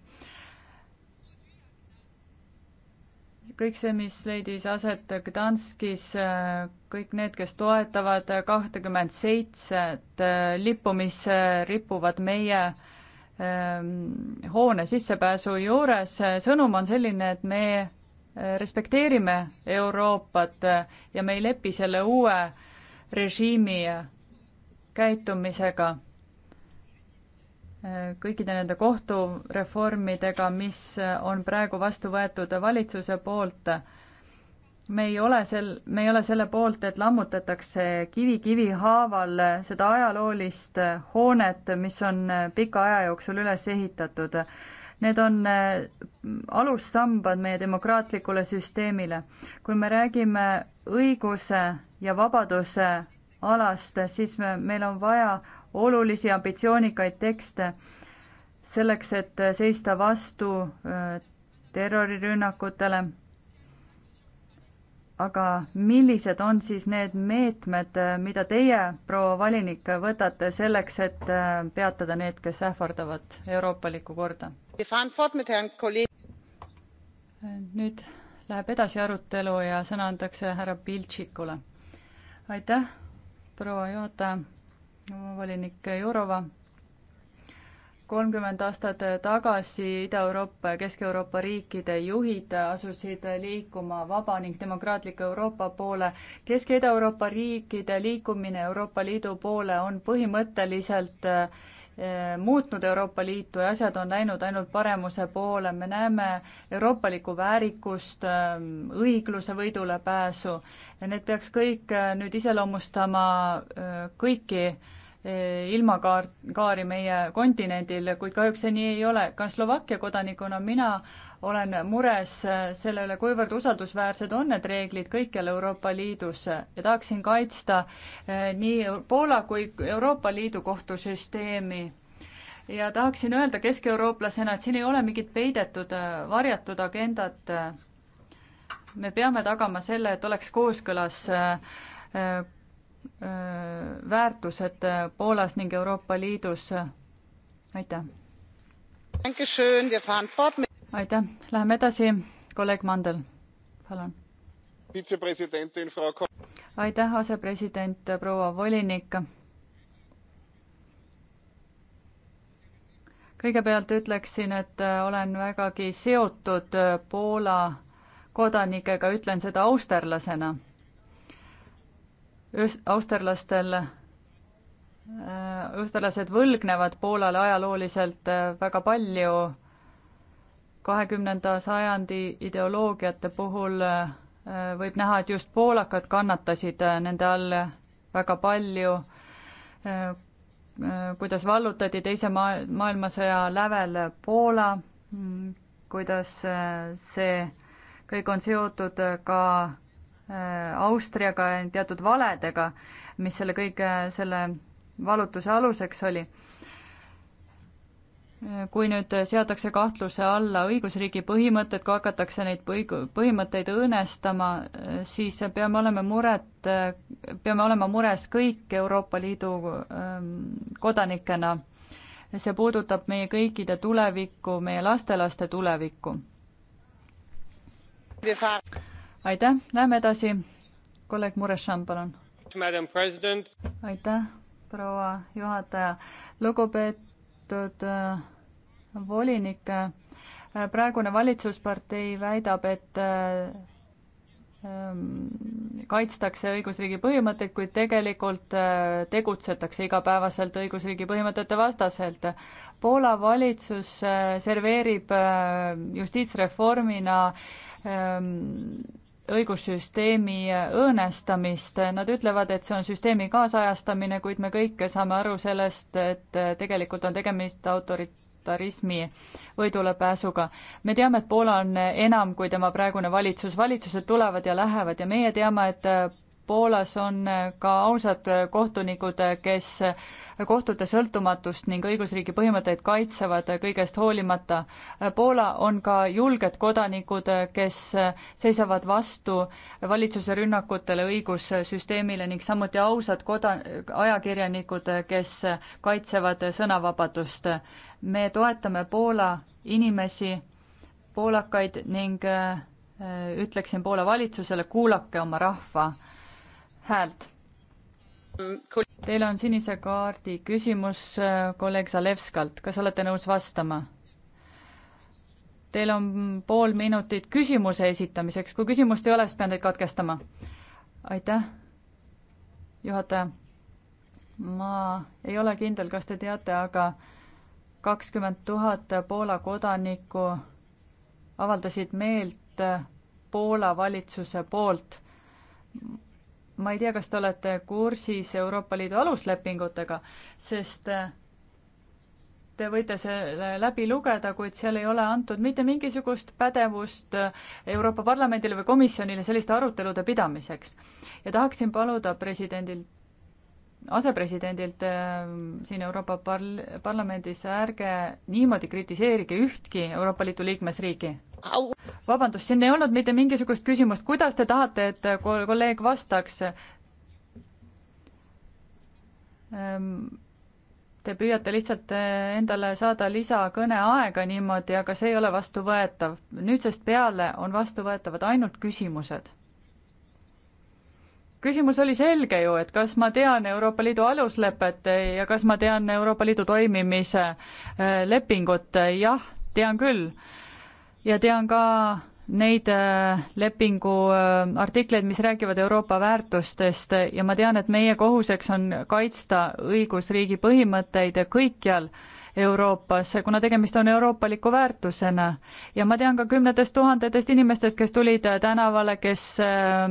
kõik see, mis leidis aset Gdanskis, äh, kõik need, kes toetavad kahtekümmend seitset äh, lippu, mis ripuvad meie ähm, hoone sissepääsu juures, sõnum on selline, et me respekteerime Euroopat ja me ei lepi selle uue režiimi käitumisega kõikide nende kohtureformidega, mis on praegu vastu võetud valitsuse poolt. me ei ole sel, me ei ole selle poolt, et lammutatakse kivi kivi haaval seda ajaloolist hoonet, mis on pika aja jooksul üles ehitatud. Need on alussambad meie demokraatlikule süsteemile. kui me räägime õiguse ja vabaduse alast, siis me, meil on vaja olulisi ambitsioonikaid tekste selleks, et seista vastu äh, terrorirünnakutele. aga millised on siis need meetmed, äh, mida teie, proua volinik, võtate selleks, et äh, peatada need, kes ähvardavad euroopalikku korda? nüüd läheb edasi arutelu ja sõna antakse härra Piltšikule. aitäh, proua juhataja volinik Jurova. kolmkümmend aastat tagasi Ida-Euroopa ja Kesk-Euroopa riikide juhid asusid liikuma vaba ning demokraatliku Euroopa poole. Kesk- ja Ida-Euroopa riikide liikumine Euroopa Liidu poole on põhimõtteliselt eh, muutnud Euroopa Liitu ja asjad on läinud ainult paremuse poole, me näeme euroopalikku väärikust, eh, õigluse võidule pääsu ja need peaks kõik eh, nüüd iseloomustama kõiki Eh, ilmakaar, kaari meie kontinendil, kuid kahjuks see nii ei ole. ka Slovakkia kodanikuna mina olen mures eh, selle üle, kuivõrd usaldusväärsed on need reeglid kõikjal Euroopa Liidus ja tahaksin kaitsta eh, nii Poola kui Euroopa Liidu kohtusüsteemi ja tahaksin öelda keskeurooplasena, et siin ei ole mingit peidetud varjatud agendat. me peame tagama selle, et oleks kooskõlas Äh, väärtused äh, Poolas ning Euroopa Liidus. aitäh! aitäh, läheme edasi, kolleeg Mandel, palun. aitäh, asepresident, proua volinik. kõigepealt ütleksin, et äh, olen vägagi seotud Poola kodanikega, ütlen seda austerlasena austerlastel äh, austerlased võlgnevad Poolale ajalooliselt äh, väga palju. kahekümnenda sajandi ideoloogiate puhul äh, võib näha, et just poolakad kannatasid nende all väga palju, kuidas vallutati Teise maa-, maailmasõja lävel Poola, mm, kuidas see kõik on seotud ka Äh, Austriaga ja teatud valedega, mis selle kõige, äh, selle valutuse aluseks oli. kui nüüd seatakse kahtluse alla õigusriigi põhimõtted, kui hakatakse neid põig-, põhimõtteid õõnestama, siis peame olema muret, peame olema mures kõik Euroopa Liidu ähm, kodanikena. see puudutab meie kõikide tulevikku, meie lastelaste tulevikku aitäh, läheme edasi. kolleeg Murešan, palun. aitäh, proua juhataja. lugupeetud äh, volinik, äh, praegune valitsuspartei väidab, et äh, ähm, kaitstakse õigusriigi põhimõtteid, kuid tegelikult tegutsetakse igapäevaselt õigusriigi põhimõtete vastaselt. Poola valitsus serveerib justiitsreformina ähm, õigussüsteemi õõnestamist, nad ütlevad, et see on süsteemi kaasajastamine, kuid me kõik saame aru sellest, et tegelikult on tegemist autoritarismi võidulepääsuga. me teame, et Poola on enam kui tema praegune valitsus, valitsused tulevad ja lähevad ja meie teame, et Poolas on äh, ka ausad äh, kohtunikud, äh, kes kohtute sõltumatust ning õigusriigi põhimõtteid kaitsevad kõigest hoolimata. Poola on ka julged kodanikud, kes seisavad vastu valitsuse rünnakutele õigussüsteemile ning samuti ausad koda-, ajakirjanikud, kes kaitsevad sõnavabadust. me toetame Poola inimesi, poolakaid ning ütleksin Poola valitsusele, kuulake oma rahva häält. Teil on sinise kaardi küsimus äh, kolleeg Zalevskalt, kas olete nõus vastama? Teil on pool minutit küsimuse esitamiseks, kui küsimust ei ole, siis pean teid katkestama. aitäh, juhataja. ma ei ole kindel, kas te teate, aga kakskümmend tuhat Poola kodanikku avaldasid meelt Poola valitsuse poolt ma ei tea, kas te olete kursis Euroopa Liidu aluslepingutega, sest äh, te võite selle läbi lugeda, kuid seal ei ole antud mitte mingisugust pädevust äh, Euroopa Parlamendile või komisjonile selliste arutelude pidamiseks. ja tahaksin paluda presidendilt, asepresidendilt äh, siin Euroopa parl-, parlamendis, ärge niimoodi kritiseerige ühtki Euroopa Liidu liikmesriigi vabandust, siin ei olnud mitte mingisugust küsimust, kuidas te tahate, et kolleeg vastaks? Ehm, te püüate lihtsalt eh, endale saada lisakõneaega niimoodi, aga see ei ole vastuvõetav. nüüdsest peale on vastuvõetavad ainult küsimused. küsimus oli selge ju, et kas ma tean Euroopa Liidu aluslepet ja kas ma tean Euroopa Liidu toimimise eh, lepingut, jah, tean küll ja tean ka neid äh, lepingu äh, artikleid, mis räägivad Euroopa väärtustest äh, ja ma tean, et meie kohuseks on kaitsta õigusriigi põhimõtteid kõikjal Euroopas, kuna tegemist on euroopaliku väärtusena. ja ma tean ka kümnetest tuhandetest inimestest, kes tulid tänavale, kes äh,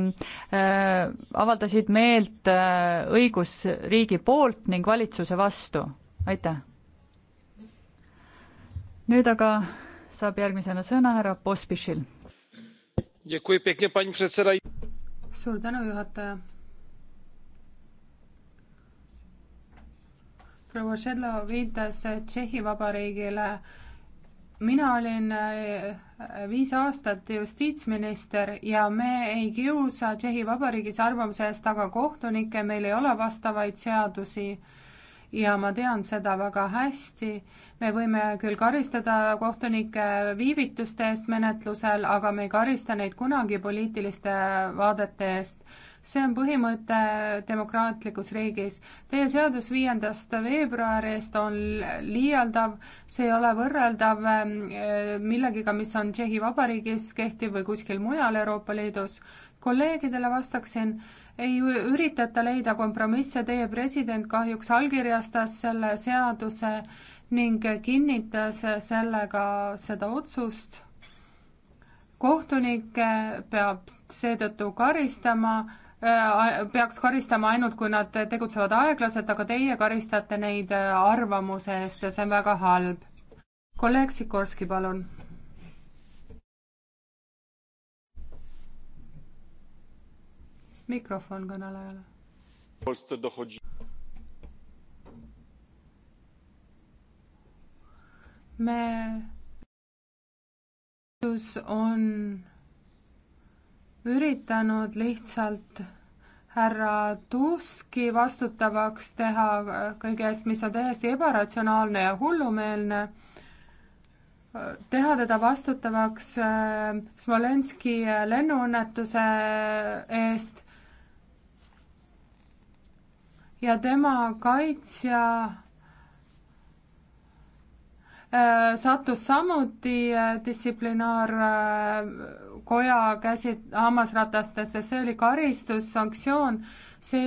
äh, avaldasid meelt äh, õigusriigi poolt ning valitsuse vastu. aitäh! nüüd aga saab järgmisena sõna härra Pospišil. suur tänu, juhataja. proua Šedlo viitas Tšehhi Vabariigile. mina olin eh, viis aastat justiitsminister ja me ei kiusa Tšehhi Vabariigis arvamuse eest taga kohtunikke, meil ei ole vastavaid seadusi ja ma tean seda väga hästi, me võime küll karistada kohtunikke viivituste eest menetlusel, aga me ei karista neid kunagi poliitiliste vaadete eest. see on põhimõte demokraatlikus riigis. Teie seadus viiendast veebruarist on liialdav, see ei ole võrreldav ähm, millegiga, mis on Tšehhi Vabariigis kehtiv või kuskil mujal Euroopa Liidus. kolleegidele vastaksin, ei üritata leida kompromisse, teie president kahjuks allkirjastas selle seaduse ning kinnitas sellega seda otsust. kohtunikke peab seetõttu karistama, äh, peaks karistama ainult, kui nad tegutsevad aeglaselt, aga teie karistate neid arvamuse eest ja see on väga halb. kolleeg Sikorski, palun mikrofon kõnelejale. me, on üritanud lihtsalt härra Tuski vastutavaks teha kõige eest, mis on täiesti ebaratsionaalne ja hullumeelne, teha teda vastutavaks äh, Smolenski äh, lennuõnnetuse äh, eest ja tema kaitsja äh, sattus samuti äh, distsiplinaarkoja käsi hammasratastesse, see oli karistus, sanktsioon, see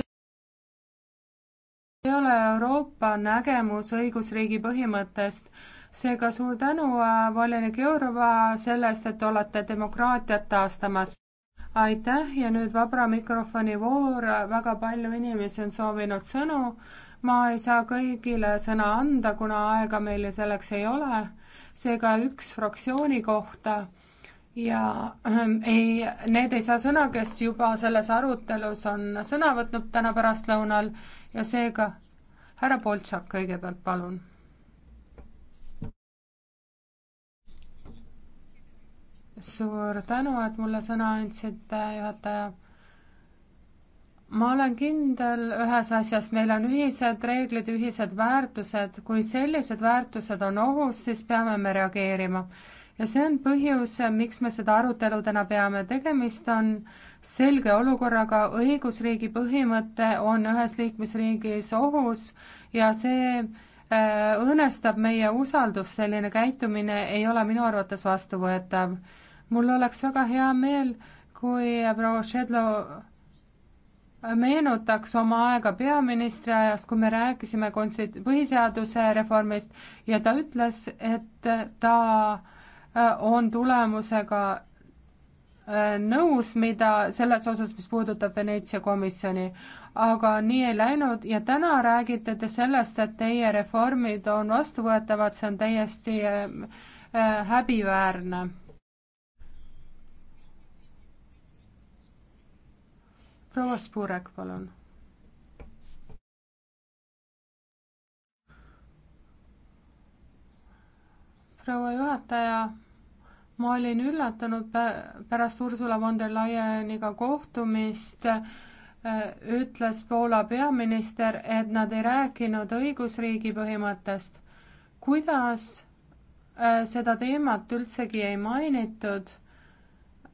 ei ole Euroopa nägemus õigusriigi põhimõttest. seega suur tänu, äh, volinik Jourova, selle eest, et olete demokraatiat taastamas aitäh ja nüüd vabra mikrofoni voor, väga palju inimesi on soovinud sõnu. ma ei saa kõigile sõna anda, kuna aega meil selleks ei ole, seega üks fraktsiooni kohta ja ähm, ei, need ei saa sõna, kes juba selles arutelus on sõna võtnud täna pärastlõunal ja seega härra Boltšak kõigepealt, palun suur tänu, et mulle sõna andsite, juhataja. ma olen kindel ühes asjas, meil on ühised reeglid, ühised väärtused, kui sellised väärtused on ohus, siis peame me reageerima. ja see on põhjus, miks me seda arutelu täna peame, tegemist on selge olukorraga, õigusriigi põhimõte on ühes liikmesriigis ohus ja see äh, õõnestab meie usaldust, selline käitumine ei ole minu arvates vastuvõetav mul oleks väga hea meel, kui proua Šedlo meenutaks oma aega peaministri ajast, kui me rääkisime konsti-, põhiseaduse reformist ja ta ütles, et ta äh, on tulemusega äh, nõus, mida selles osas, mis puudutab Veneetsia komisjoni, aga nii ei läinud ja täna räägite te sellest, et teie reformid on vastuvõetavad, see on täiesti äh, häbiväärne proua Spurek, palun. proua juhataja, ma olin üllatunud pärast Ursula von der Leyeniga kohtumist äh, ütles Poola peaminister, et nad ei rääkinud õigusriigi põhimõttest. kuidas äh, seda teemat üldsegi ei mainitud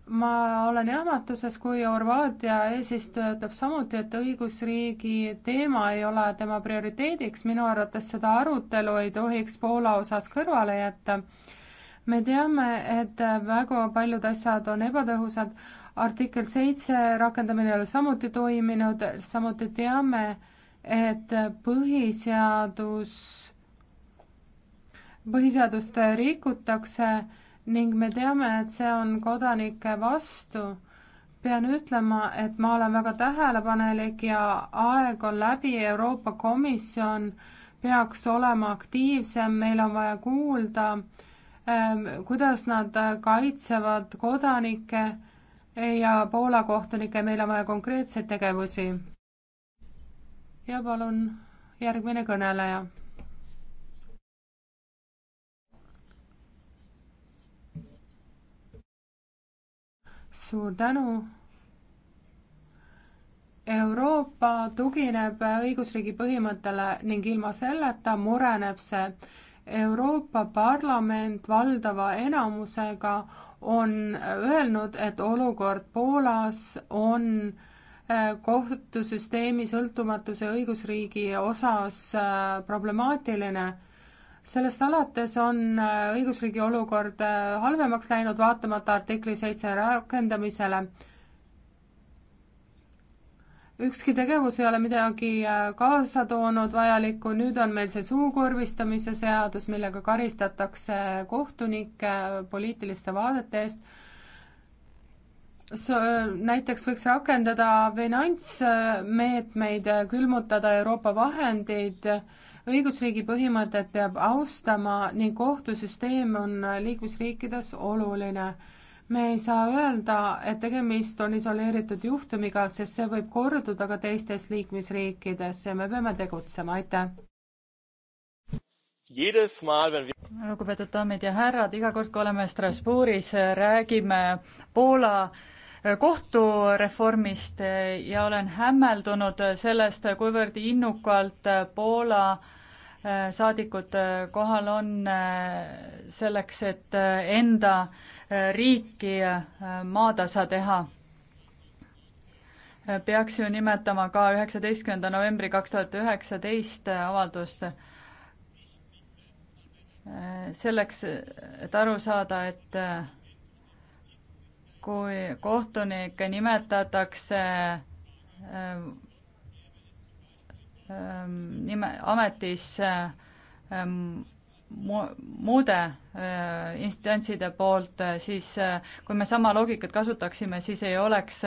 ma olen jahmatuses, kui Horvaatia eesistuja ütleb samuti, et õigusriigi teema ei ole tema prioriteediks, minu arvates seda arutelu ei tohiks Poola osas kõrvale jätta. me teame, et väga paljud asjad on ebatõhusad, artikkel seitse rakendamine ei ole samuti toiminud, samuti teame, et põhiseadus, põhiseadust rikutakse ning me teame, et see on kodanike vastu. pean ütlema, et ma olen väga tähelepanelik ja aeg on läbi, Euroopa Komisjon peaks olema aktiivsem, meil on vaja kuulda, ähm, kuidas nad kaitsevad kodanikke ja Poola kohtunikke, meil on vaja konkreetseid tegevusi. ja palun järgmine kõneleja suur tänu. Euroopa tugineb õigusriigi põhimõttele ning ilma selleta mureneb see. Euroopa Parlament valdava enamusega on öelnud, et olukord Poolas on äh, kohtusüsteemi sõltumatuse õigusriigi osas äh, problemaatiline sellest alates on äh, õigusriigi olukord äh, halvemaks läinud, vaatamata artikli seitse rakendamisele. ükski tegevus ei ole midagi äh, kaasa toonud vajalikku, nüüd on meil see suukorvistamise seadus, millega karistatakse kohtunikke poliitiliste vaadete eest so, näiteks võiks rakendada finantsmeetmeid, külmutada Euroopa vahendeid õigusriigi põhimõtet peab austama ning kohtusüsteem on liikmesriikides oluline. me ei saa öelda, et tegemist on isoleeritud juhtumiga, sest see võib korduda ka teistes liikmesriikides ja me peame tegutsema, aitäh! lugupeetud daamid ja härrad, iga kord, kui oleme Strasbourgis, räägime Poola kohtureformist ja olen hämmeldunud sellest, kuivõrd innukalt Poola Äh, saadikud äh, kohal on äh, selleks, et enda riiki maatasa teha. peaks ju nimetama ka üheksateistkümnenda novembri kaks tuhat üheksateist avaldust selleks, et aru saada, et kui kohtunikke nimetatakse Ehm, nime, ametis ehm, muude eh, instantside poolt, eh, siis eh, kui me sama loogikat kasutaksime, siis ei oleks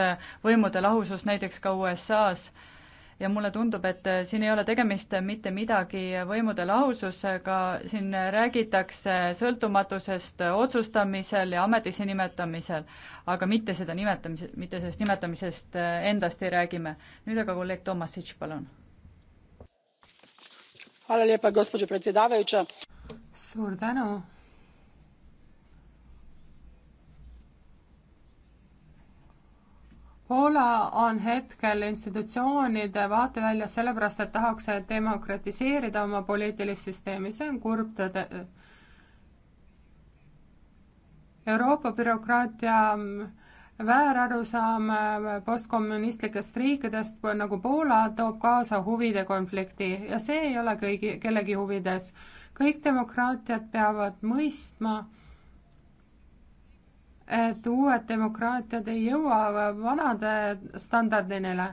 võimude lahusust näiteks ka USA-s ja mulle tundub, et siin ei ole tegemist mitte midagi võimude lahususega, siin räägitakse sõltumatusest otsustamisel ja ametisse nimetamisel, aga mitte seda nimetamise, mitte sellest nimetamisest endast ei räägime. nüüd aga kolleeg Tomasitš, palun gospođo predsjedavajuća suur tänu Poola on hetkel institutsioonide vaateväljas sellepärast, et tahaks demokratiseerida oma poliitilist süsteemi, see on kurb tõde. Euroopa bürokraatia väärarusaam postkommunistlikest riikidest nagu Poola toob kaasa huvide konflikti ja see ei ole kõigi, kellegi huvides. kõik demokraatiad peavad mõistma, et uued demokraatiad ei jõua vanade standardinele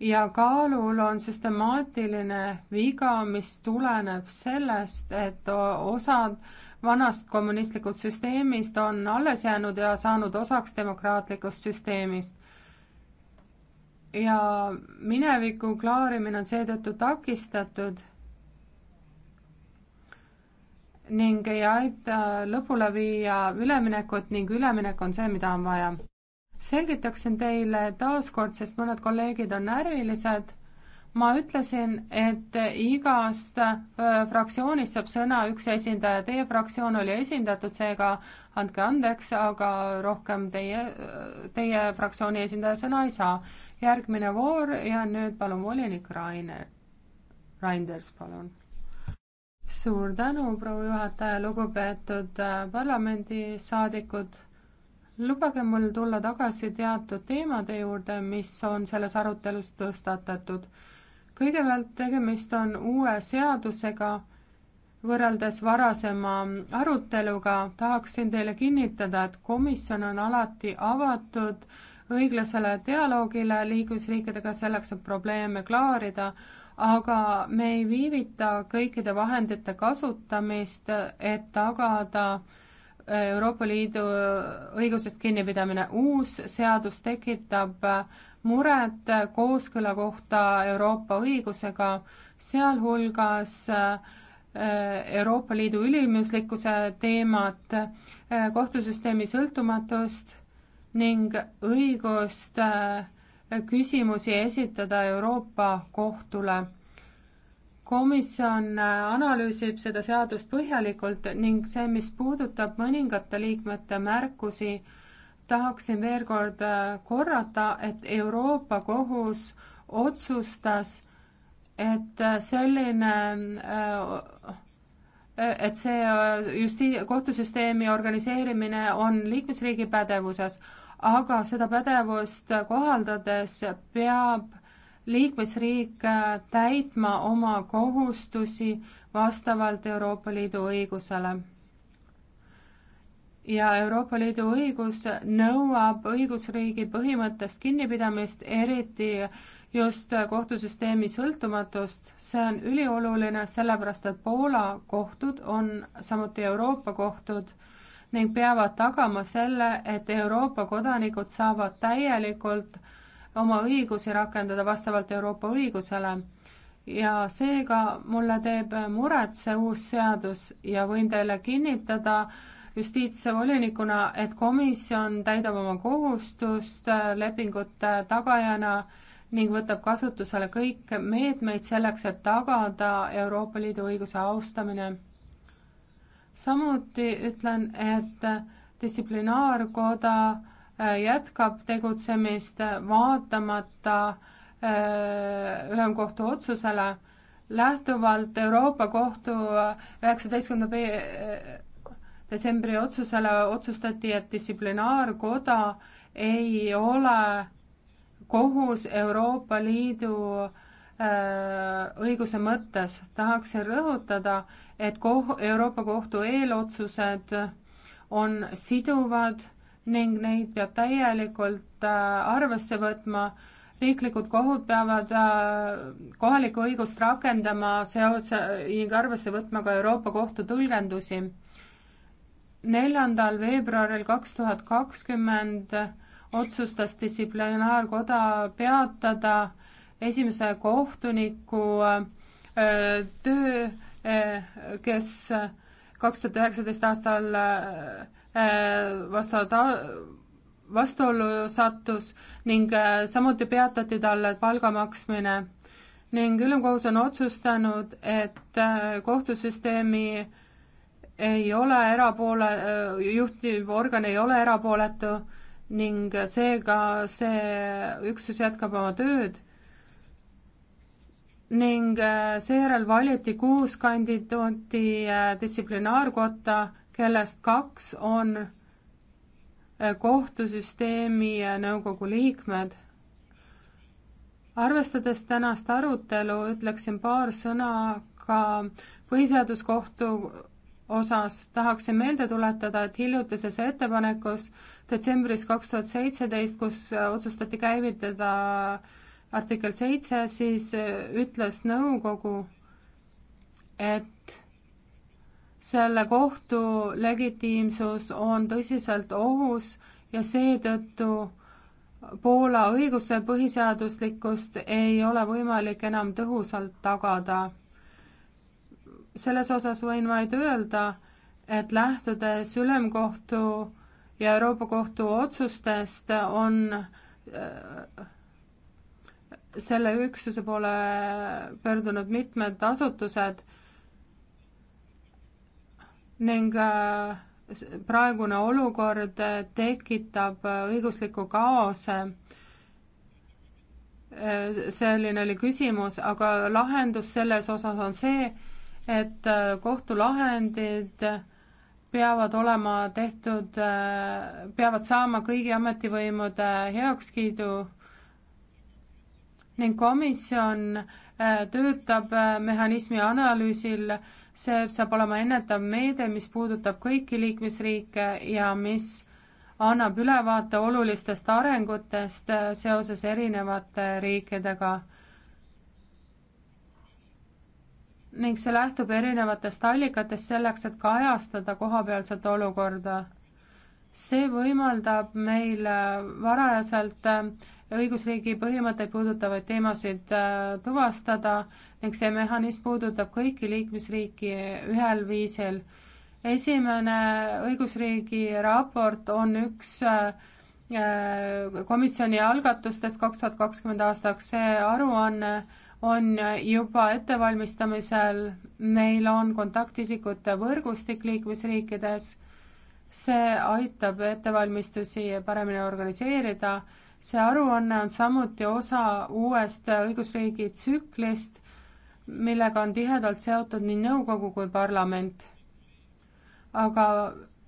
ja kaalul on süstemaatiline viga, mis tuleneb sellest, et osad vanast kommunistlikust süsteemist on alles jäänud ja saanud osaks demokraatlikust süsteemist. ja mineviku klaarimine on seetõttu takistatud ning ei aita lõpule viia üleminekut ning üleminek on see, mida on vaja. selgitaksin teile taaskord, sest mõned kolleegid on närvilised ma ütlesin, et igast äh, fraktsioonist saab sõna üks esindaja, teie fraktsioon oli esindatud, seega andke andeks, aga rohkem teie, äh, teie fraktsiooni esindaja sõna ei saa. järgmine voor ja nüüd palun volinik Rainer, Reinders, palun. suur tänu, proua juhataja, lugupeetud äh, parlamendisaadikud lubage mul tulla tagasi teatud teemade juurde, mis on selles arutelus tõstatatud kõigepealt tegemist on uue seadusega, võrreldes varasema aruteluga tahaksin teile kinnitada, et komisjon on alati avatud õiglasele dialoogile liiklusriikidega selleks, et probleeme klaarida, aga me ei viivita kõikide vahendite kasutamist, et tagada Euroopa Liidu õigusest kinnipidamine. uus seadus tekitab muret kooskõla kohta Euroopa õigusega, sealhulgas äh, Euroopa Liidu ülimuslikkuse teemat, äh, kohtusüsteemi sõltumatust ning õigust äh, küsimusi esitada Euroopa Kohtule. komisjon analüüsib seda seadust põhjalikult ning see, mis puudutab mõningate liikmete märkusi, tahaksin veel kord äh, korrata, et Euroopa Kohus otsustas, et äh, selline, äh, et see justi-, kohtusüsteemi organiseerimine on liikmesriigi pädevuses, aga seda pädevust kohaldades peab liikmesriik täitma oma kohustusi vastavalt Euroopa Liidu õigusele ja Euroopa Liidu õigus nõuab õigusriigi põhimõttest kinnipidamist, eriti just kohtusüsteemi sõltumatust. see on ülioluline, sellepärast et Poola kohtud on samuti Euroopa kohtud ning peavad tagama selle, et Euroopa kodanikud saavad täielikult oma õigusi rakendada vastavalt Euroopa õigusele. ja seega mulle teeb muret see uus seadus ja võin teile kinnitada, justiitsvolinikuna, et komisjon täidab oma kohustust äh, lepingute tagajana ning võtab kasutusele kõik meetmeid selleks, et tagada Euroopa Liidu õiguse austamine. samuti ütlen, et distsiplinaarkoda äh, jätkab tegutsemist vaatamata äh, ülemkohtu otsusele lähtuvalt Euroopa Kohtu üheksateistkümnenda detsembri otsusele otsustati, et distsiplinaarkoda ei ole kohus Euroopa Liidu äh, õiguse mõttes. tahaksin rõhutada, et koh-, Euroopa Kohtu eelotsused on siduvad ning neid peab täielikult äh, arvesse võtma. riiklikud kohud peavad äh, kohalikku õigust rakendama seose ning arvesse võtma ka Euroopa Kohtu tõlgendusi neljandal veebruaril kaks tuhat kakskümmend otsustas distsiplinaarkoda peatada esimese kohtuniku äh, töö, äh, kes äh, kaks tuhat üheksateist aastal vastavalt vastuollu sattus ning samuti peatati talle palga maksmine. ning ülemkohus on otsustanud, et kohtusüsteemi ei ole erapoole, juhtiv organ ei ole erapooletu ning seega see üksus jätkab oma tööd ning äh, seejärel valiti kuus kandidaati äh, distsiplinaarkotta, kellest kaks on äh, kohtusüsteemi nõukogu liikmed. arvestades tänast arutelu, ütleksin paar sõna ka põhiseaduskohtu osas tahaksin meelde tuletada, et hiljutises ettepanekus detsembris kaks tuhat seitseteist, kus äh, otsustati käivitada artikkel seitse, siis äh, ütles nõukogu, et selle kohtu legitiimsus on tõsiselt ohus ja seetõttu Poola õiguse põhiseaduslikkust ei ole võimalik enam tõhusalt tagada selles osas võin vaid öelda, et lähtudes Ülemkohtu ja Euroopa Kohtu otsustest on äh, selle üksuse poole pöördunud mitmed asutused ning äh, praegune olukord tekitab äh, õigusliku kaose. selline oli küsimus, aga lahendus selles osas on see, et äh, kohtulahendid peavad olema tehtud, äh, peavad saama kõigi ametivõimude heakskiidu ning komisjon äh, töötab mehhanismi analüüsil, see saab olema ennetav meede, mis puudutab kõiki liikmesriike ja mis annab ülevaate olulistest arengutest seoses erinevate riikidega ning see lähtub erinevatest allikatest selleks, et kajastada kohapealset olukorda. see võimaldab meil varajaselt äh, õigusriigi põhimõtteid puudutavaid teemasid äh, tuvastada ning see mehhanism puudutab kõiki liikmesriiki ühel viisil. esimene õigusriigi raport on üks äh, komisjoni algatustest kaks tuhat kakskümmend aastaks, see aruanne on on juba ettevalmistamisel, neil on kontaktisikute võrgustik liikmesriikides, see aitab ettevalmistusi paremini organiseerida, see aruanne on samuti osa uuest õigusriigi tsüklist, millega on tihedalt seotud nii nõukogu kui parlament. aga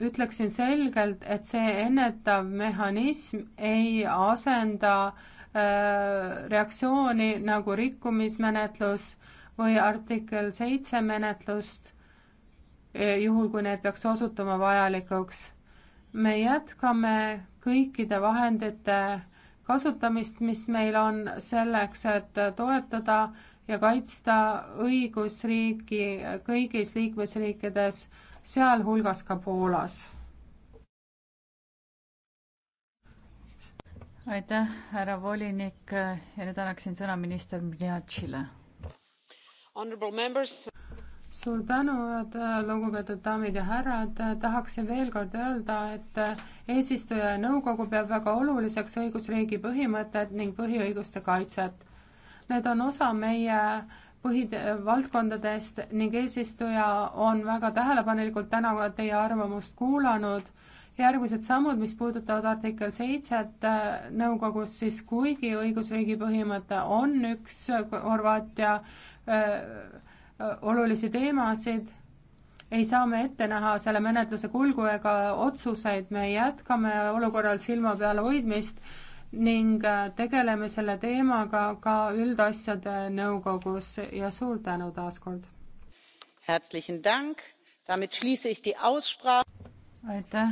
ütleksin selgelt, et see ennetav mehhanism ei asenda äh, Äh, reaktsiooni nagu rikkumismenetlus või artikkel seitse menetlust, eh, juhul kui need peaks osutuma vajalikuks. me jätkame kõikide vahendite kasutamist, mis meil on selleks, et toetada ja kaitsta õigusriiki kõigis liikmesriikides, sealhulgas ka Poolas aitäh, härra volinik ja nüüd annaksin sõna minister Mjatšile. suur tänu, lugupeetud daamid ja härrad, tahaksin veel kord öelda, et eesistuja ja nõukogu peab väga oluliseks õigusriigi põhimõtet ning põhiõiguste kaitset. Need on osa meie põhivaldkondadest ning eesistuja on väga tähelepanelikult täna teie arvamust kuulanud järgmised sammud, mis puudutavad artikkel seitset äh, nõukogus, siis kuigi õigusriigi põhimõte on üks Horvaatia äh, äh, olulisi teemasid, ei saa me ette näha selle menetluse kulgu ega otsuseid, me jätkame olukorral silma peal hoidmist ning tegeleme selle teemaga ka üldasjade nõukogus ja suur tänu taaskord. aitäh,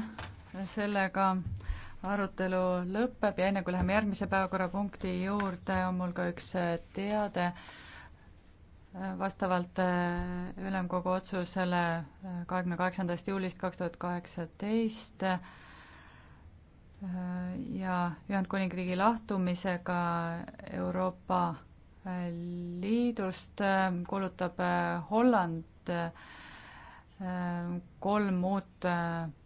sellega arutelu lõpeb ja enne kui läheme järgmise päevakorrapunkti juurde, on mul ka üks äh, teade. Äh, vastavalt äh, ülemkogu otsusele kahekümne kaheksandast juulist kaks tuhat kaheksateist ja Ühendkuningriigi lahtumisega Euroopa Liidust kuulutab Holland kolm uut par-,